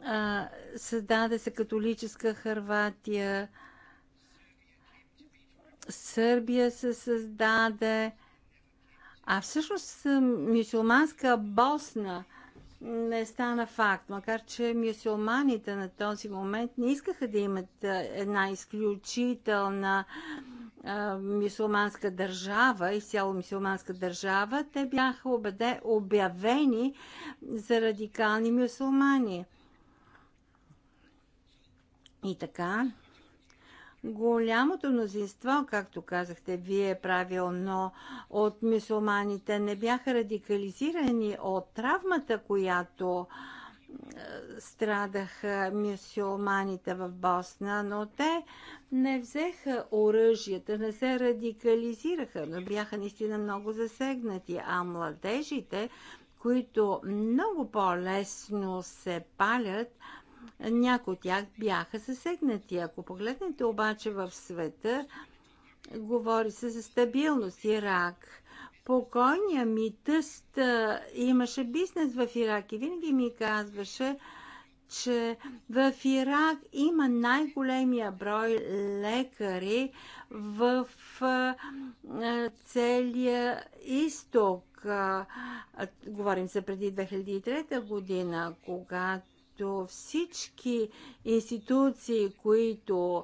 А, е, създаде се католическа Харватия. Сърбия се създаде. А всъщност е, мюсюлманска Босна – не стана факт, макар че мюсюлманите на този момент не искаха да имат една изключителна мюсюлманска държава, изцяло мюсюлманска държава, те бяха обеде, обявени за радикални мюсюлмани. И така, Голямото мнозинство, както казахте вие правилно, от мусулманите не бяха радикализирани от травмата, която е, страдаха мюсюлманите в Босна, но те не взеха оръжията, не се радикализираха, но бяха наистина много засегнати. А младежите, които много по-лесно се палят, някои от тях бяха засегнати. Ако погледнете обаче в света, говори се за стабилност. Ирак, покойния ми тъст имаше бизнес в Ирак и винаги ми казваше, че в Ирак има най-големия брой лекари в целия изток. Говорим се преди 2003 година, когато като всички институции, които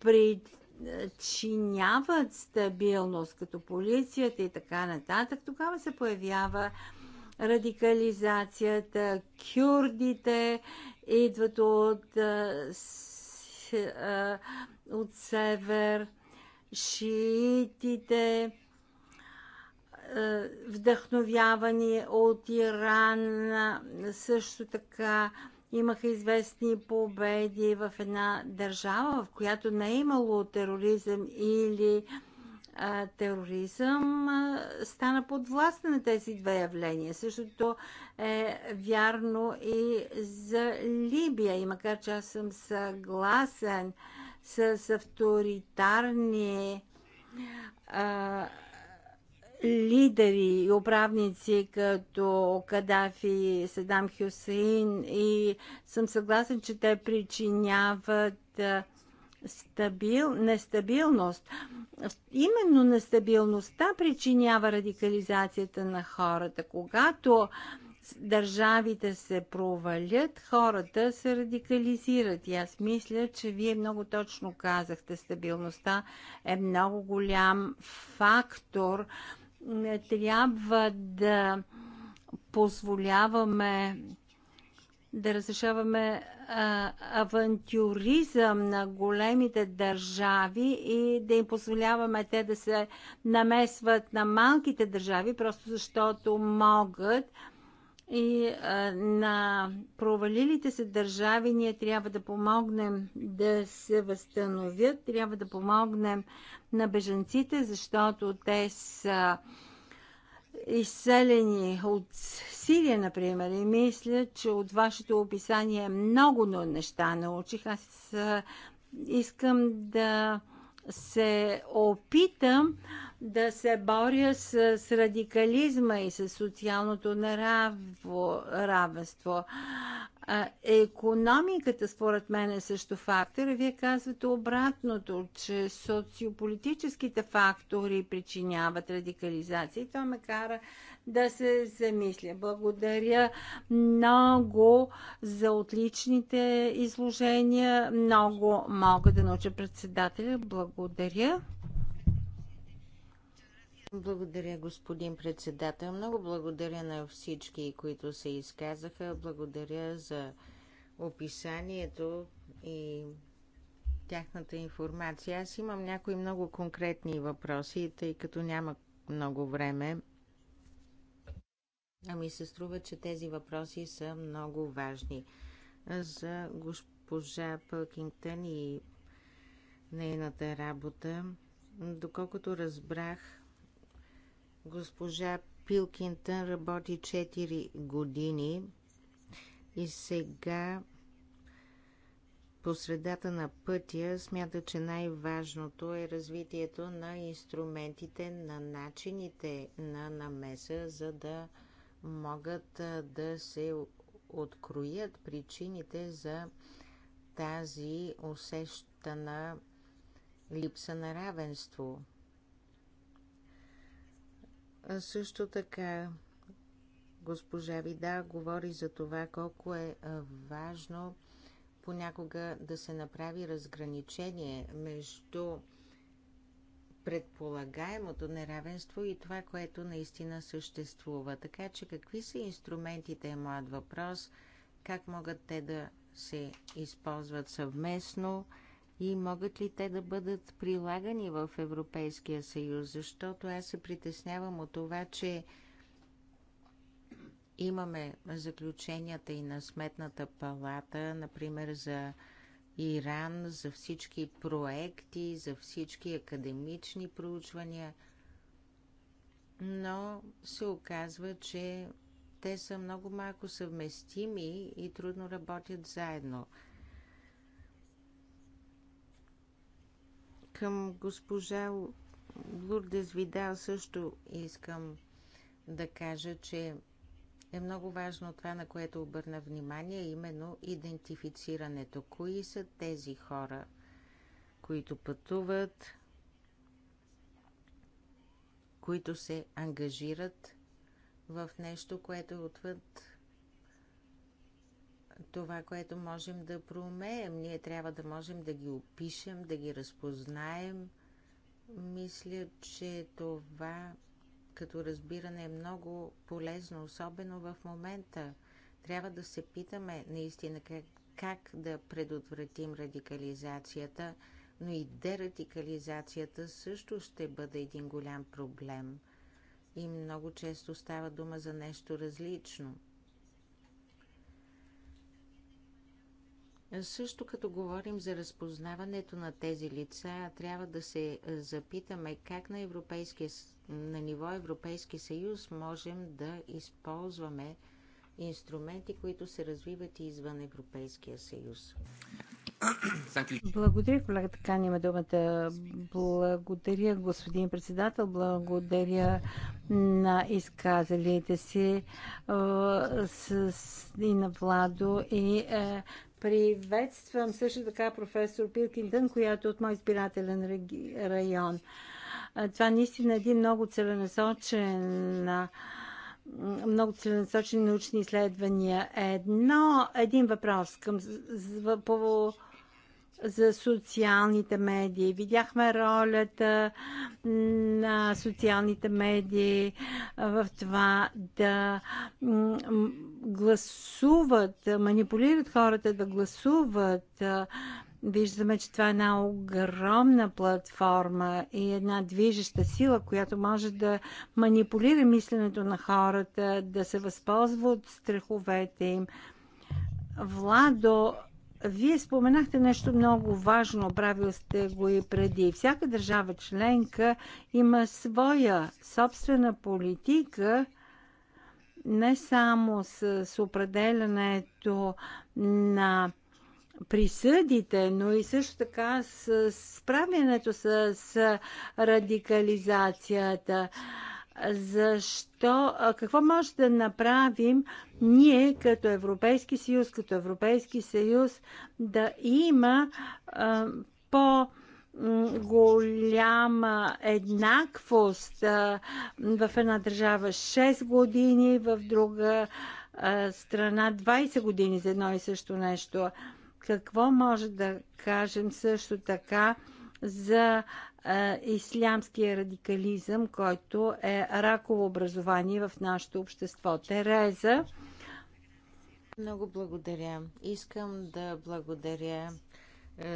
причиняват стабилност, като полицията и така нататък, тогава се появява радикализацията, кюрдите идват от, от север, шиитите, е, вдъхновявани от Иран. Също така имаха известни победи в една държава, в която не е имало тероризъм или а, е, тероризъм, а, стана под власт на тези две явления. Същото е вярно и за Либия. И макар че аз съм съгласен с авторитарни а, е, лидери и управници като Кадафи, Седам Хюсейн и съм съгласен, че те причиняват стабил, нестабилност. Именно нестабилността причинява радикализацията на хората. Когато държавите се провалят, хората се радикализират. И аз мисля, че вие много точно казахте, стабилността е много голям фактор не трябва да позволяваме да разрешаваме а, авантюризъм на големите държави и да им позволяваме те да се намесват на малките държави, просто защото могат и а, на провалилите се държави ние трябва да помогнем да се възстановят, трябва да помогнем на бежанците, защото те са изселени от Сирия, например. И мисля, че от вашето описание много неща научих. Аз искам да се опитам да се боря с, с радикализма и с социалното неравенство. Економиката, според мен, е също фактор. Вие казвате обратното, че социополитическите фактори причиняват радикализация. И това ме кара да се замисля. Благодаря много за отличните изложения. Много мога да науча председателя. Благодаря. Благодаря, господин председател. Много благодаря на всички, които се изказаха. Благодаря за описанието и тяхната информация. Аз имам някои много конкретни въпроси, тъй като няма много време. Ами се струва, че тези въпроси са много важни. За госпожа Пълкингтън и нейната работа, доколкото разбрах, госпожа Пилкингтън работи 4 години и сега по средата на пътя смята, че най-важното е развитието на инструментите, на начините на намеса, за да могат да се откроят причините за тази усещана липса на равенство. също така госпожа Вида говори за това колко е важно понякога да се направи разграничение между предполагаемото неравенство и това, което наистина съществува. Така че какви са инструментите е моят въпрос, как могат те да се използват съвместно и могат ли те да бъдат прилагани в Европейския съюз, защото аз се притеснявам от това, че имаме заключенията и на Сметната палата, например за Иран, за всички проекти, за всички академични проучвания, но се оказва, че те са много малко съвместими и трудно работят заедно. Към госпожа Лурдес Видал също искам да кажа, че е много важно това, на което обърна внимание, именно идентифицирането. Кои са тези хора, които пътуват, които се ангажират в нещо, което е отвъд това, което можем да проумеем. Ние трябва да можем да ги опишем, да ги разпознаем. Мисля, че това като разбиране е много полезно, особено в момента. Трябва да се питаме наистина как, как да предотвратим радикализацията, но и дерадикализацията също ще бъде един голям проблем. И много често става дума за нещо различно – Също като говорим за разпознаването на тези лица, трябва да се е, запитаме как на, европейски, на ниво Европейски съюз можем да използваме инструменти, които се развиват и извън Европейския съюз. Благодаря, колегата Кан има думата. Благодаря, господин председател. Благодаря на изказалите си е, с, и на Владо и е, Приветствам също така професор Пилкингтън, която е от мой избирателен район. Това наистина е един много целенасочен много целенасочени научни изследвания. Едно, един въпрос към, по за социалните медии. Видяхме ролята на социалните медии в това да гласуват, манипулират хората да гласуват. Виждаме, че това е една огромна платформа и една движеща сила, която може да манипулира мисленето на хората, да се възползва от страховете им. Владо, вие споменахте нещо много важно, правил сте го и преди. Всяка държава членка има своя собствена политика, не само с, с определенето на присъдите, но и също така с справянето с радикализацията защо, какво може да направим ние като Европейски съюз, като Европейски съюз да има а, по- голяма еднаквост а, в една държава 6 години, в друга а, страна 20 години за едно и също нещо. Какво може да кажем също така за ислямския радикализъм, който е раково образование в нашето общество. Тереза. Много благодаря. Искам да благодаря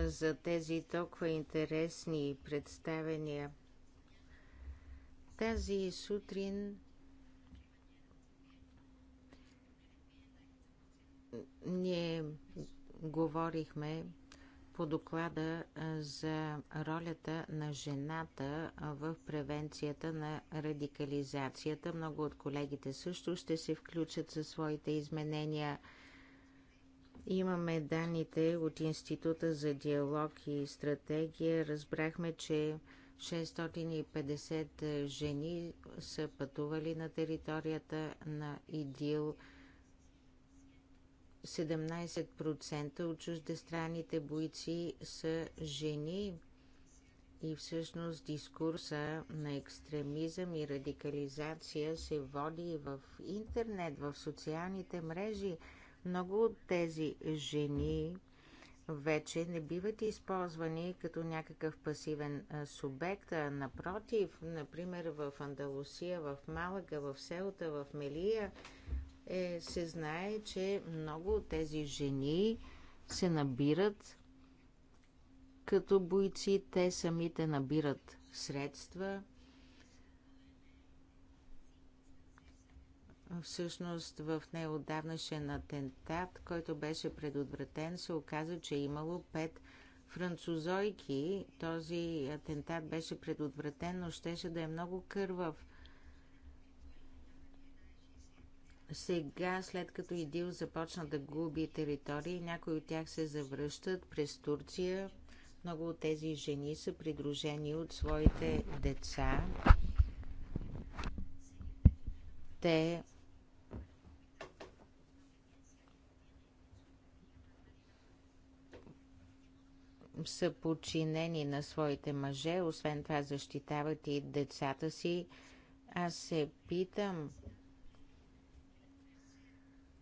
за тези толкова интересни представения. Тази сутрин ние говорихме по доклада за ролята на жената в превенцията на радикализацията. Много от колегите също ще се включат със своите изменения. Имаме данните от Института за диалог и стратегия. Разбрахме, че 650 жени са пътували на територията на ИДИЛ – 17% от чуждестранните бойци са жени и всъщност дискурса на екстремизъм и радикализация се води и в интернет, в социалните мрежи. Много от тези жени вече не биват използвани като някакъв пасивен субект, а напротив, например в Андалусия, в Малага, в Селта, в Мелия, е, се знае, че много от тези жени се набират като бойци, те самите набират средства. Всъщност в неодавнашен атентат, който беше предотвратен, се оказа, че е имало пет французойки. Този атентат беше предотвратен, но щеше да е много кървав. Сега, след като ИДИЛ започна да губи територии, някои от тях се завръщат през Турция. Много от тези жени са придружени от своите деца. Те са подчинени на своите мъже, освен това защитават и децата си. Аз се питам,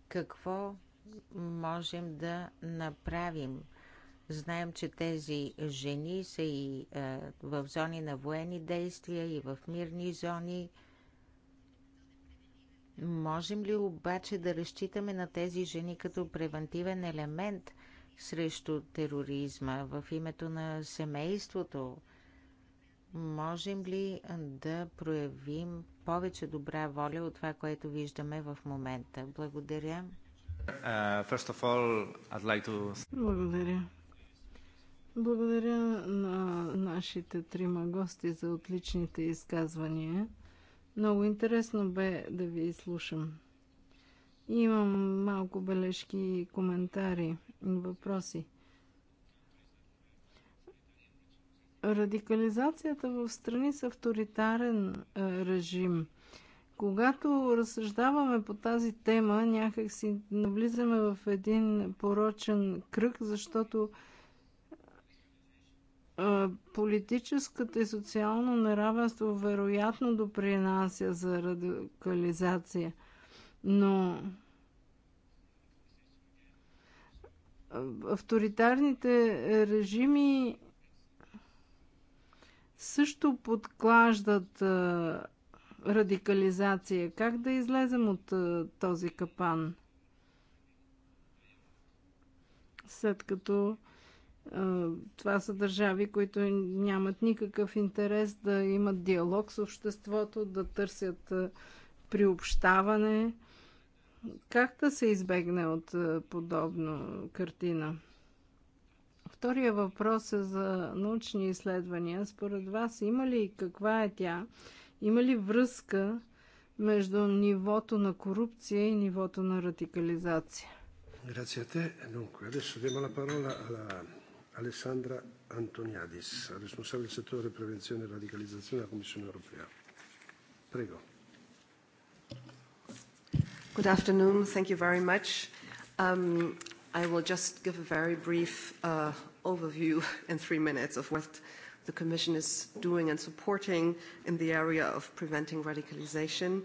какво можем да направим? Знаем, че тези жени са и е, в зони на военни действия, и в мирни зони. Можем ли обаче да разчитаме на тези жени като превентивен елемент срещу тероризма в името на семейството? Можем ли да проявим повече добра воля от това, което виждаме в момента. Благодаря. Uh, all, like to... Благодаря. Благодаря на нашите трима гости за отличните изказвания. Много интересно бе да ви слушам. Имам малко бележки и коментари, въпроси. Радикализацията в страни с авторитарен е, режим. Когато разсъждаваме по тази тема, някак си навлизаме в един порочен кръг, защото е, политическата и социално неравенство вероятно допринася за радикализация. Но е, авторитарните режими също подклаждат радикализация. Как да излезем от този капан? След като това са държави, които нямат никакъв интерес да имат диалог с обществото, да търсят приобщаване. Как да се избегне от подобна картина? Втория въпрос е за научни изследвания. Според вас има ли и каква е тя? Има ли връзка между нивото на корупция и нивото на радикализация? Grazie a te. Dunque, adesso diamo la parola alla Alessandra Antoniadis, responsabile del settore prevenzione e radicalizzazione della Commissione europea. Prego. Good afternoon. Thank you very much. Um, I will just give a very brief uh, overview in three minutes of what the Commission is doing and supporting in the area of preventing radicalisation.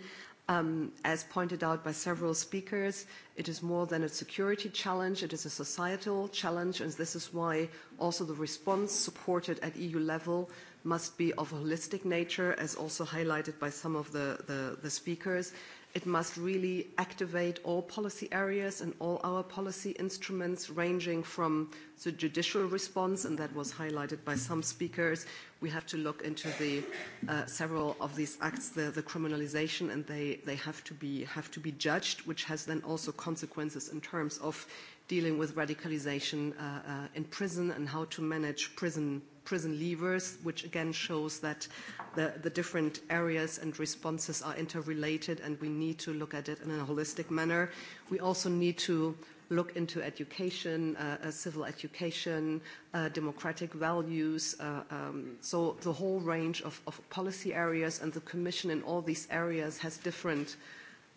as pointed out by several speakers, it is more than a security challenge, it is a societal challenge, and this is why also the response supported at EU level must be of a holistic nature, as also highlighted by some of the, the, the speakers, It must really activate all policy areas and all our policy instruments, ranging from the judicial response, and that was highlighted by some speakers. We have to look into the uh, several of these acts, the, the criminalization, and they, they have, to be, have to be judged, which has then also consequences in terms of dealing with radicalization uh, uh, in prison and how to manage prison prison leavers, which again shows that the, the different areas and responses are interrelated and we need to look at it in a holistic manner. We also need to look into education, uh, civil education, uh, democratic values, uh, um, so the whole range of, of policy areas and the Commission in all these areas has different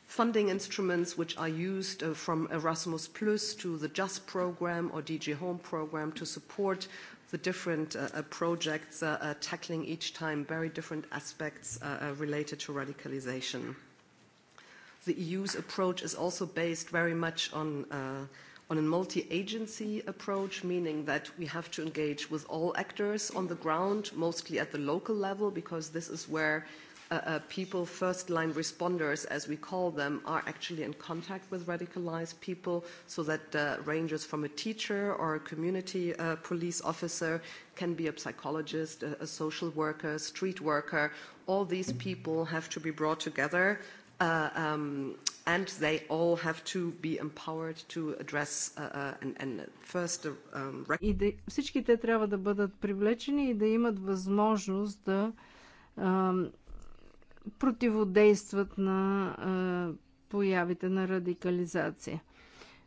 funding instruments which are used uh, from Erasmus Plus to the JUST program or DG Home program to support the different uh, projects uh, uh, tackling each time very different aspects uh, uh, related to radicalization. The EU's approach is also based very much on, uh, on a multi-agency approach, meaning that we have to engage with all actors on the ground, mostly at the local level, because this is where people, first-line responders, as we call them, are actually in contact with radicalized people, so that uh, ranges from a teacher or a community uh, police officer can be a psychologist, a, a social worker, street worker. All these people have to be brought together uh, um, and they all have to be empowered to address uh, and, and first um, и да, всички те трябва да бъдат привлечени и да имат възможност да противодействат на появите на радикализация.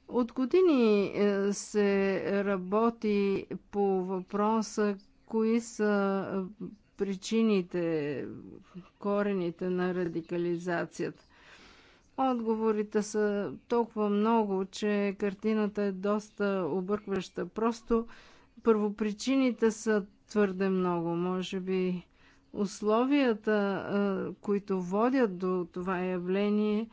От години се работи по въпроса кои са причините, корените на радикализацията. Отговорите са толкова много, че картината е доста объркваща. Просто първопричините са твърде много. Може би условията, които водят до това явление,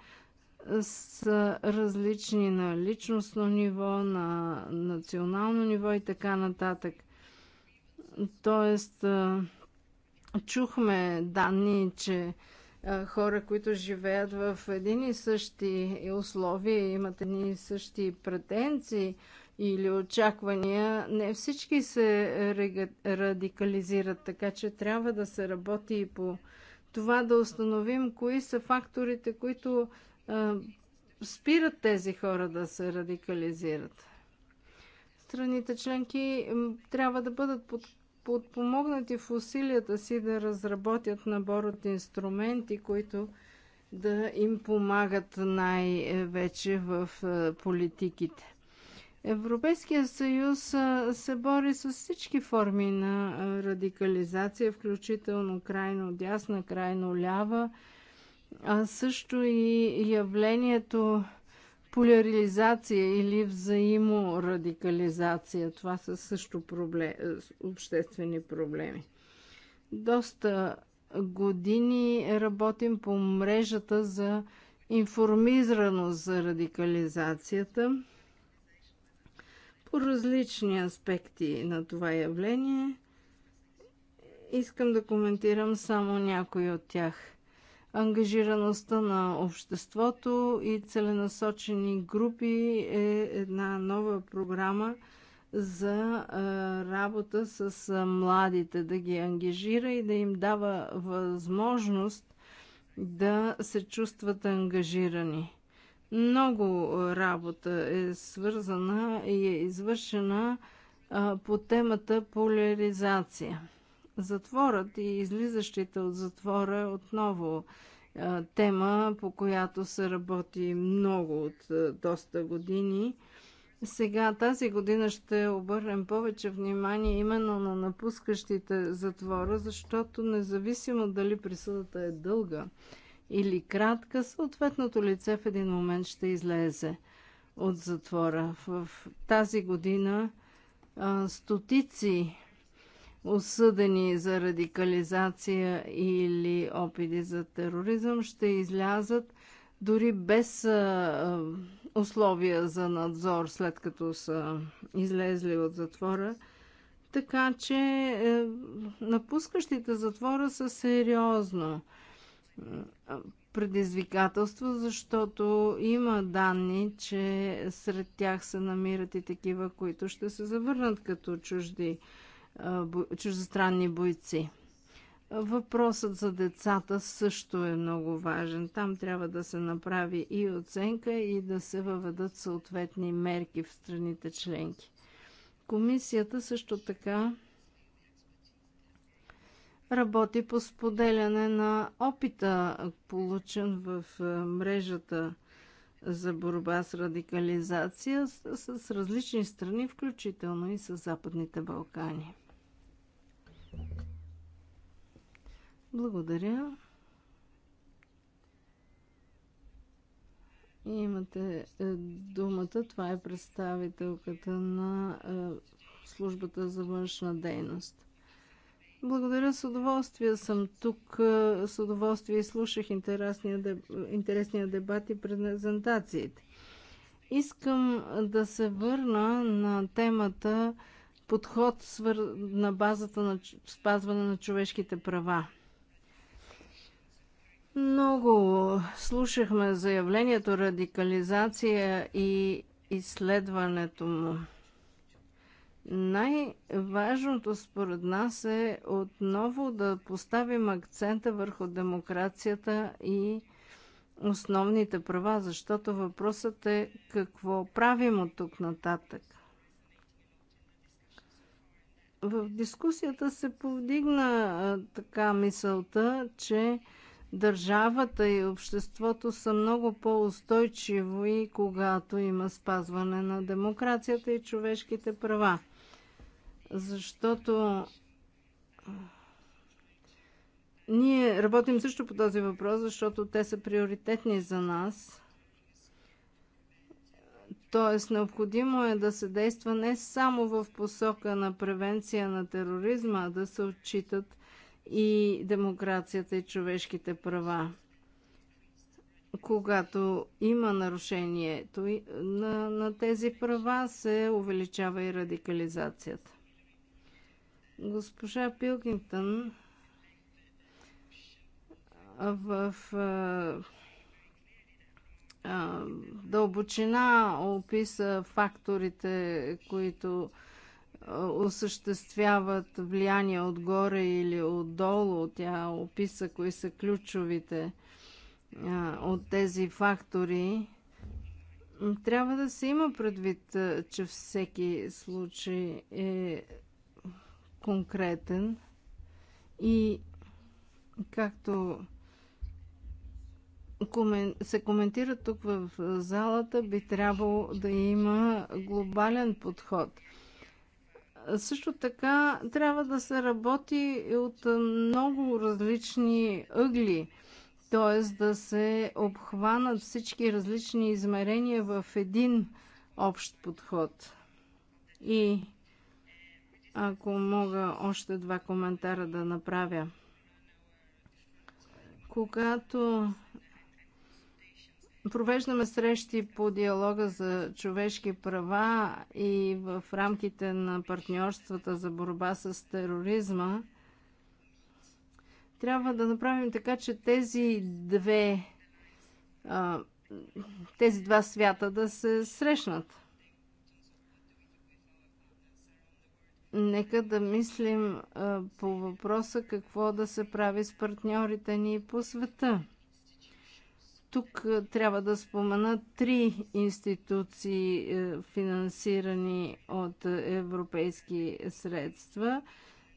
са различни на личностно ниво, на национално ниво и така нататък. Тоест, чухме данни, че хора, които живеят в един и същи условия, имат едни и същи претенции – или очаквания. Не всички се радикализират, така че трябва да се работи и по това да установим кои са факторите, които а, спират тези хора да се радикализират. Страните членки трябва да бъдат под, подпомогнати в усилията си да разработят набор от инструменти, които да им помагат най-вече в политиките. Европейския съюз се бори с всички форми на радикализация, включително крайно дясна, крайно лява, а също и явлението поляризация или взаиморадикализация. Това са също проблем, обществени проблеми. Доста години работим по мрежата за информираност за радикализацията – различни аспекти на това явление. Искам да коментирам само някои от тях. Ангажираността на обществото и целенасочени групи е една нова програма за работа с младите, да ги ангажира и да им дава възможност да се чувстват ангажирани. Много работа е свързана и е извършена по темата поляризация. Затворът и излизащите от затвора е отново тема, по която се работи много от доста години. Сега тази година ще обърнем повече внимание именно на напускащите затвора, защото независимо дали присъдата е дълга или кратка, съответното лице в един момент ще излезе от затвора. В тази година а, стотици осъдени за радикализация или опити за тероризъм ще излязат дори без а, условия за надзор, след като са излезли от затвора. Така че е, напускащите затвора са сериозно предизвикателство, защото има данни, че сред тях се намират и такива, които ще се завърнат като чужди, чуждестранни бойци. Въпросът за децата също е много важен. Там трябва да се направи и оценка, и да се въведат съответни мерки в страните членки. Комисията също така работи по споделяне на опита, получен в е, мрежата за борба с радикализация с, с различни страни, включително и с Западните Балкани. Благодаря. И имате е, думата. Това е представителката на е, службата за външна дейност. Благодаря, с удоволствие съм тук. С удоволствие слушах интересния, интересния дебат и презентациите. Искам да се върна на темата подход свър... на базата на спазване на човешките права. Много слушахме заявлението радикализация и изследването му. Най-важното според нас е отново да поставим акцента върху демокрацията и основните права, защото въпросът е какво правим от тук нататък. В дискусията се повдигна така мисълта, че държавата и обществото са много по-устойчиво и когато има спазване на демокрацията и човешките права защото ние работим също по този въпрос, защото те са приоритетни за нас. Тоест, необходимо е да се действа не само в посока на превенция на тероризма, а да се отчитат и демокрацията и човешките права. Когато има нарушението на, на тези права, се увеличава и радикализацията. Госпожа Пилкингтън в дълбочина описа факторите, които осъществяват влияние отгоре или отдолу. Тя описа кои са ключовите от тези фактори. Трябва да се има предвид, че всеки случай е конкретен и както се коментира тук в залата, би трябвало да има глобален подход. Също така трябва да се работи от много различни ъгли, т.е. да се обхванат всички различни измерения в един общ подход. И ако мога още два коментара да направя. Когато провеждаме срещи по диалога за човешки права и в рамките на партньорствата за борба с тероризма, трябва да направим така, че тези две тези два свята да се срещнат. Нека да мислим по въпроса какво да се прави с партньорите ни по света. Тук трябва да спомена три институции, финансирани от европейски средства.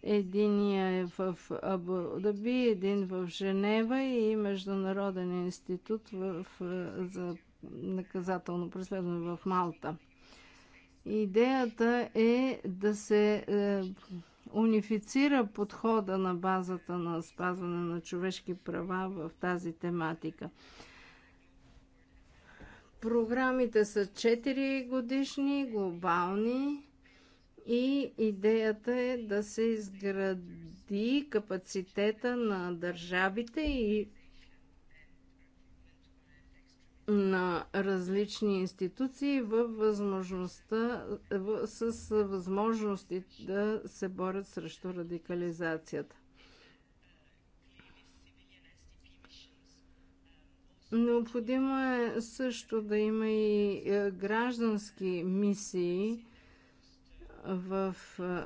Единия е в Абу Даби, един в Женева и Международен институт в, за наказателно преследване в Малта. Идеята е да се е, унифицира подхода на базата на спазване на човешки права в тази тематика. Програмите са 4 годишни, глобални и идеята е да се изгради капацитета на държавите и на различни институции във възможността, в, с възможности да се борят срещу радикализацията. Необходимо е също да има и е, граждански мисии в е,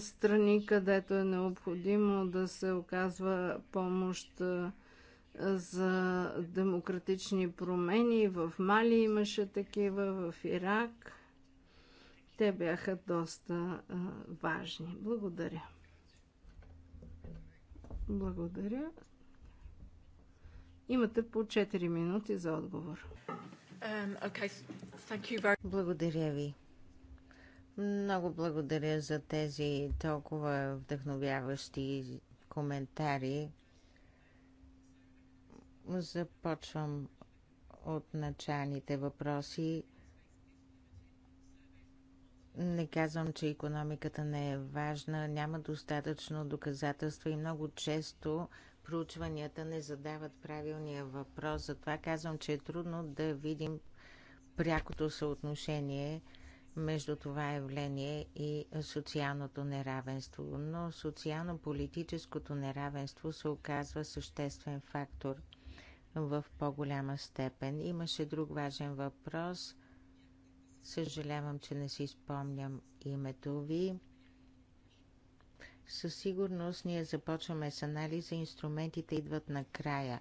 страни, където е необходимо да се оказва помощ е, за демократични промени. В Мали имаше такива, в Ирак. Те бяха доста а, важни. Благодаря. Благодаря. Имате по 4 минути за отговор. Um, okay. very... Благодаря ви. Много благодаря за тези толкова вдъхновяващи коментари. Започвам от началните въпроси. Не казвам, че економиката не е важна, няма достатъчно доказателства и много често проучванията не задават правилния въпрос. Затова казвам, че е трудно да видим прякото съотношение между това явление и социалното неравенство. Но социално-политическото неравенство се оказва съществен фактор – в по-голяма степен. Имаше друг важен въпрос. Съжалявам, че не си спомням името ви. Със сигурност ние започваме с анализа. Инструментите идват накрая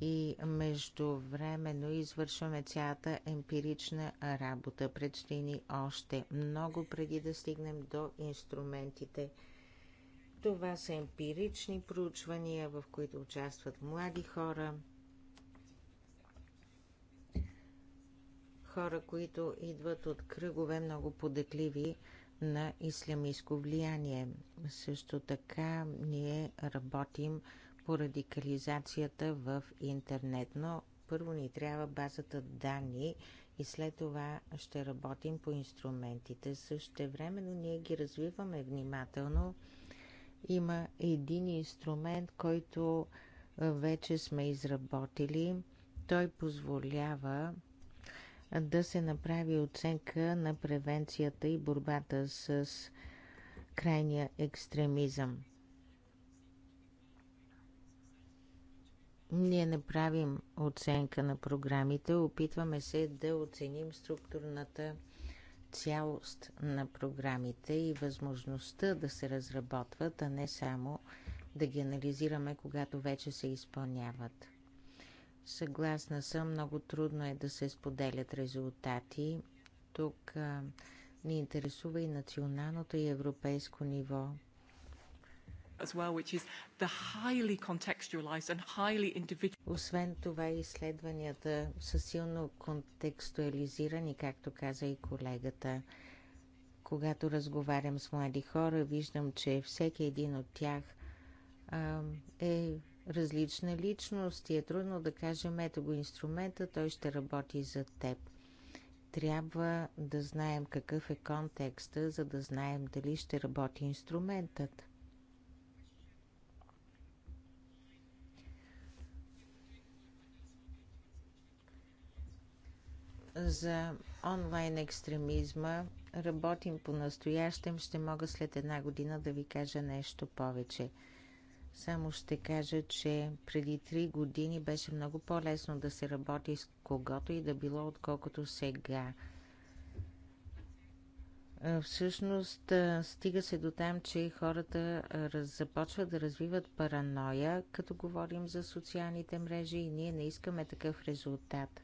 и междувременно извършваме цялата емпирична работа. Предстои ни още много преди да стигнем до инструментите. Това са емпирични проучвания, в които участват млади хора – хора, които идват от кръгове много подекливи на ислямистско влияние. Също така ние работим по радикализацията в интернет, но първо ни трябва базата данни и след това ще работим по инструментите. Също времено ние ги развиваме внимателно. Има един инструмент, който вече сме изработили. Той позволява да се направи оценка на превенцията и борбата с крайния екстремизъм. Ние не правим оценка на програмите, опитваме се да оценим структурната цялост на програмите и възможността да се разработват, а не само да ги анализираме, когато вече се изпълняват. Съгласна съм, много трудно е да се споделят резултати. Тук а, ни интересува и националното и европейско ниво. Освен това, изследванията са силно контекстуализирани, както каза и колегата. Когато разговарям с млади хора, виждам, че всеки един от тях а, е различна личност и е трудно да кажем, ето го инструмента, той ще работи за теб. Трябва да знаем какъв е контекста, за да знаем дали ще работи инструментът. за онлайн екстремизма работим по настоящем. Ще мога след една година да ви кажа нещо повече. Само ще кажа, че преди три години беше много по-лесно да се работи с когото и да било, отколкото сега. Всъщност, стига се до там, че хората започват да развиват параноя, като говорим за социалните мрежи и ние не искаме такъв резултат.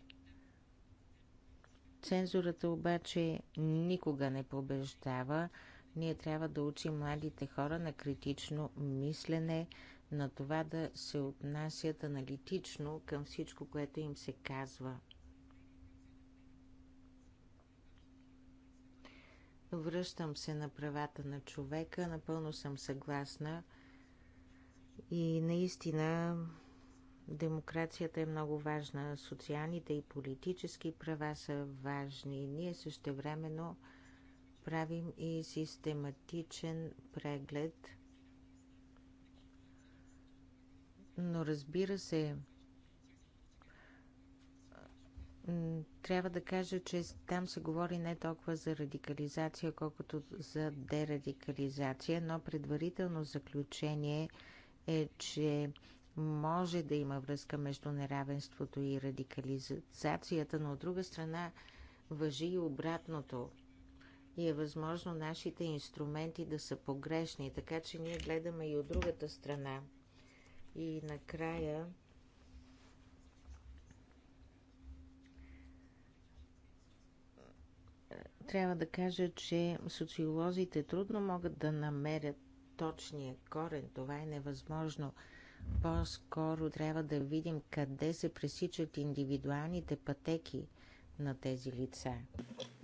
Цензурата обаче никога не побеждава. Ние трябва да учим младите хора на критично мислене, на това да се отнасят аналитично към всичко, което им се казва. Връщам се на правата на човека, напълно съм съгласна и наистина демокрацията е много важна, социалните и политически права са важни. Ние също времено правим и систематичен преглед. Но разбира се, трябва да кажа, че там се говори не толкова за радикализация, колкото за дерадикализация, но предварително заключение е, че може да има връзка между неравенството и радикализацията, но от друга страна въжи и обратното – и е възможно нашите инструменти да са погрешни, така че ние гледаме и от другата страна. И накрая трябва да кажа, че социолозите трудно могат да намерят точния корен. Това е невъзможно. По-скоро трябва да видим къде се пресичат индивидуалните пътеки на тези лица.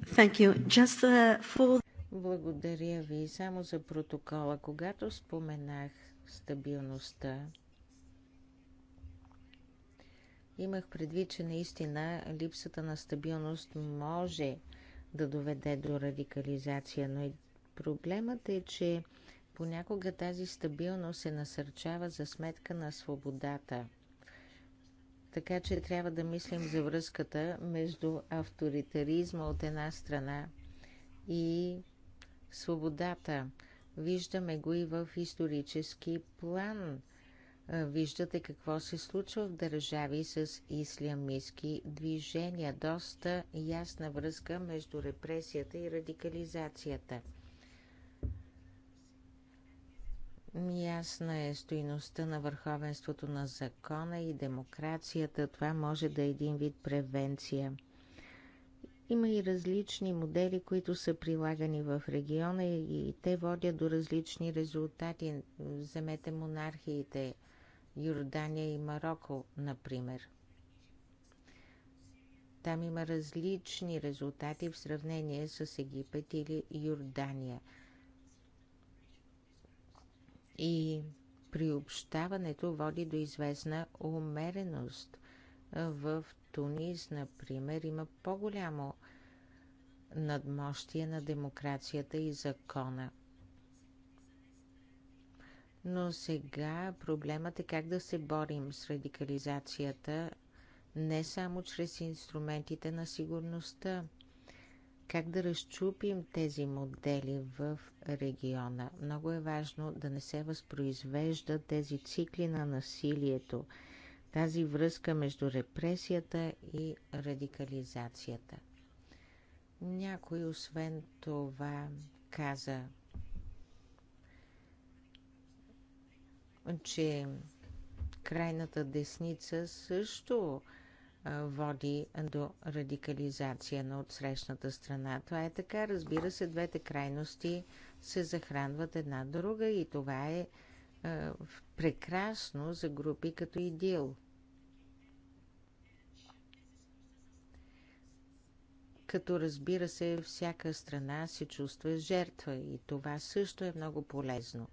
Thank you. Just, uh, for... Благодаря ви само за протокола. Когато споменах стабилността, имах предвид, че наистина липсата на стабилност може да доведе до радикализация, но и проблемът е, че понякога тази стабилност се насърчава за сметка на свободата – така че трябва да мислим за връзката между авторитаризма от една страна и свободата. Виждаме го и в исторически план. Виждате какво се случва в държави с ислямистски движения. Доста ясна връзка между репресията и радикализацията. Ясна е стоиността на върховенството на закона и демокрацията. Това може да е един вид превенция. Има и различни модели, които са прилагани в региона и те водят до различни резултати. Вземете монархиите Йордания и Марокко, например. Там има различни резултати в сравнение с Египет или Йордания – и приобщаването води до известна умереност. В Тунис, например, има по-голямо надмощие на демокрацията и закона. Но сега проблемът е как да се борим с радикализацията не само чрез инструментите на сигурността – как да разчупим тези модели в региона. Много е важно да не се възпроизвеждат тези цикли на насилието, тази връзка между репресията и радикализацията. Някой освен това каза, че крайната десница също води до радикализация на отсрещната страна. Това е така. Разбира се, двете крайности се захранват една друга и това е, прекрасно за групи като ИДИЛ. Като разбира се, всяка страна се чувства жертва и това също е много полезно.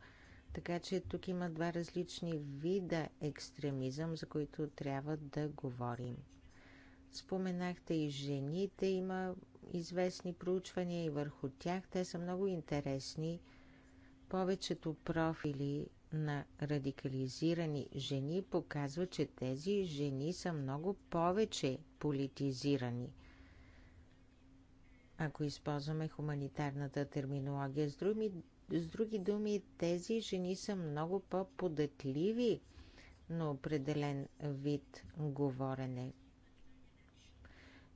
Така че тук има два различни вида екстремизъм, за които трябва да говорим. Споменахте и жените, има известни проучвания и върху тях. Те са много интересни. Повечето профили на радикализирани жени показва, че тези жени са много повече политизирани. Ако използваме хуманитарната терминология, с други, с други думи, тези жени са много по-податливи на определен вид говорене.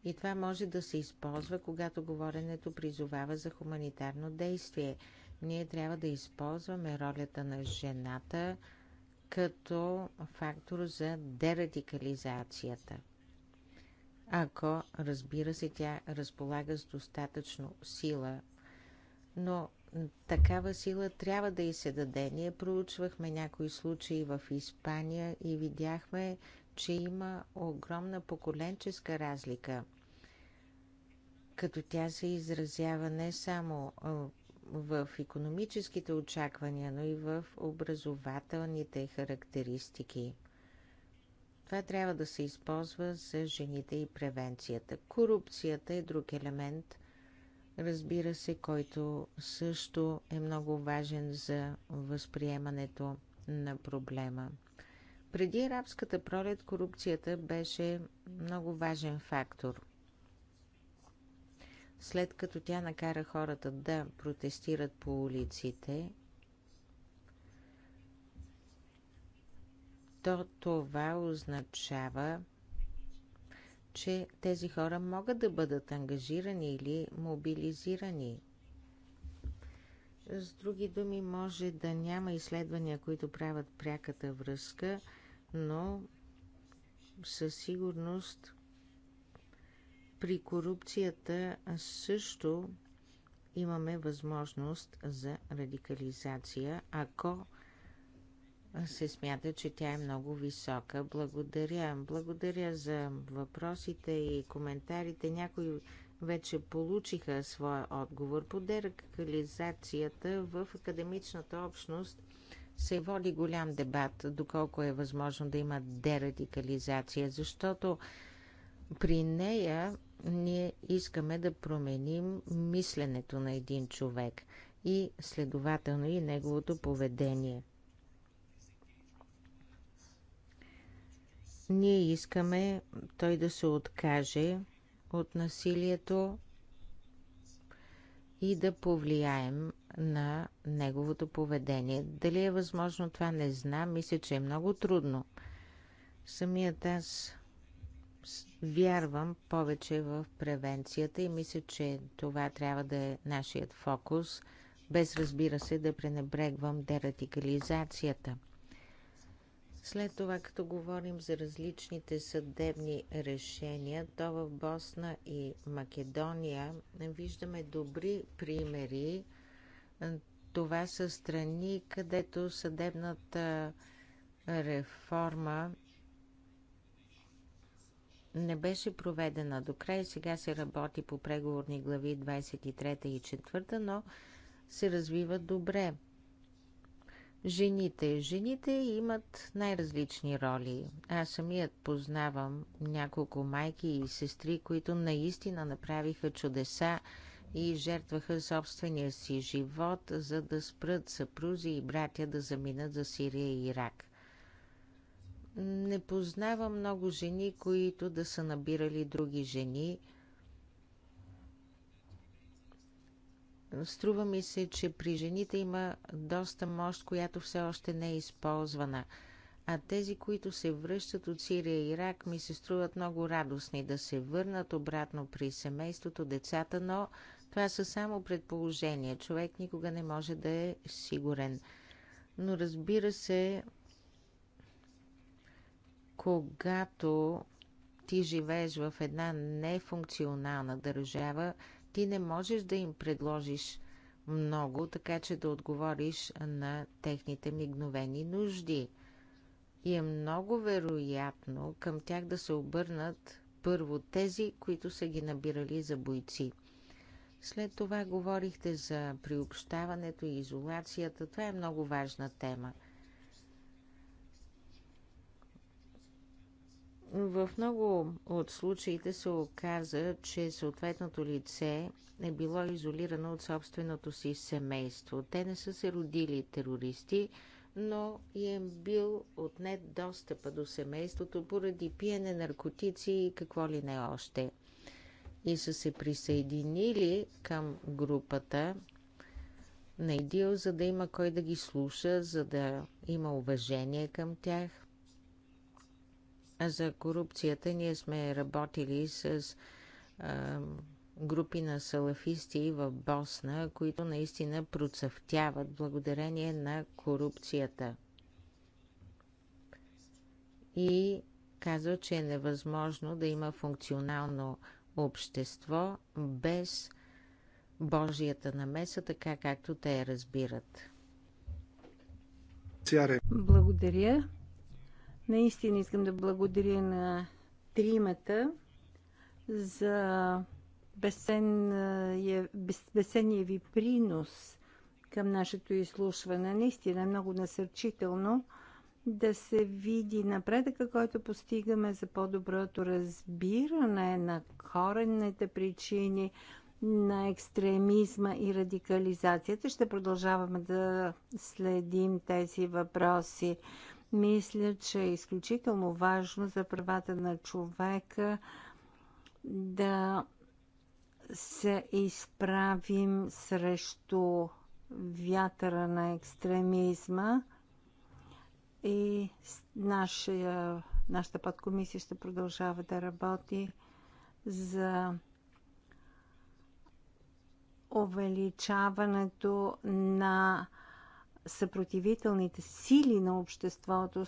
И това може да се използва, когато говоренето призовава за хуманитарно действие. Ние трябва да използваме ролята на жената като фактор за дерадикализацията. Ако, разбира се, тя разполага с достатъчно сила, но такава сила трябва да й се даде. Ние проучвахме някои случаи в Испания и видяхме, че има огромна поколенческа разлика, като тя се изразява не само в економическите очаквания, но и в образователните характеристики. Това трябва да се използва за жените и превенцията. Корупцията е друг елемент, разбира се, който също е много важен за възприемането на проблема. Преди арабската пролет корупцията беше много важен фактор. След като тя накара хората да протестират по улиците, то това означава, че тези хора могат да бъдат ангажирани или мобилизирани. С други думи, може да няма изследвания, които правят пряката връзка но със сигурност при корупцията също имаме възможност за радикализация, ако се смята, че тя е много висока. Благодаря. Благодаря за въпросите и коментарите. Някои вече получиха своя отговор по деракализацията в академичната общност се води голям дебат, доколко е възможно да има дерадикализация, защото при нея ние искаме да променим мисленето на един човек и следователно и неговото поведение. Ние искаме той да се откаже от насилието и да повлияем на неговото поведение. Дали е възможно това не знам. Мисля, че е много трудно. Самият аз вярвам повече в превенцията и мисля, че това трябва да е нашият фокус, без разбира се да пренебрегвам дерадикализацията. След това, като говорим за различните съдебни решения, то в Босна и Македония виждаме добри примери е, това са страни, където съдебната реформа не беше проведена до край. Сега се работи по преговорни глави 23 и 4, но се развива добре. Жените. Жените имат най-различни роли. Аз самият познавам няколко майки и сестри, които наистина направиха чудеса и жертваха собствения си живот, за да спрат съпрузи и братя да заминат за Сирия и Ирак. Не познавам много жени, които да са набирали други жени. Струва ми се, че при жените има доста мощ, която все още не е използвана. А тези, които се връщат от Сирия и Ирак, ми се струват много радостни да се върнат обратно при семейството, децата, но това са само предположения. Човек никога не може да е сигурен. Но разбира се, когато ти живееш в една нефункционална държава, ти не можеш да им предложиш много, така че да отговориш на техните мигновени нужди. И е много вероятно към тях да се обърнат първо тези, които са ги набирали за бойци. След това говорихте за приобщаването и изолацията. Това е много важна тема. В много от случаите се оказа, че съответното лице е било изолирано от собственото си семейство. Те не са се родили терористи, но им е бил отнет достъпа до семейството поради пиене, наркотици и какво ли не още и са се присъединили към групата на ИДИЛ, за да има кой да ги слуша, за да има уважение към тях. За корупцията ние сме работили с а, групи на салафисти в Босна, които наистина процъфтяват благодарение на корупцията. И казва, че е невъзможно да има функционално общество без Божията намеса, така както те я разбират. Благодаря. Наистина искам да благодаря на тримата за безценния, ви принос към нашето изслушване. Наистина е много насърчително да се види напредъка, който постигаме за по-доброто разбиране на коренните причини на екстремизма и радикализацията. Ще продължаваме да следим тези въпроси. Мисля, че е изключително важно за правата на човека да се изправим срещу вятъра на екстремизма и нашия, нашата подкомисия ще продължава да работи за увеличаването на съпротивителните сили на обществото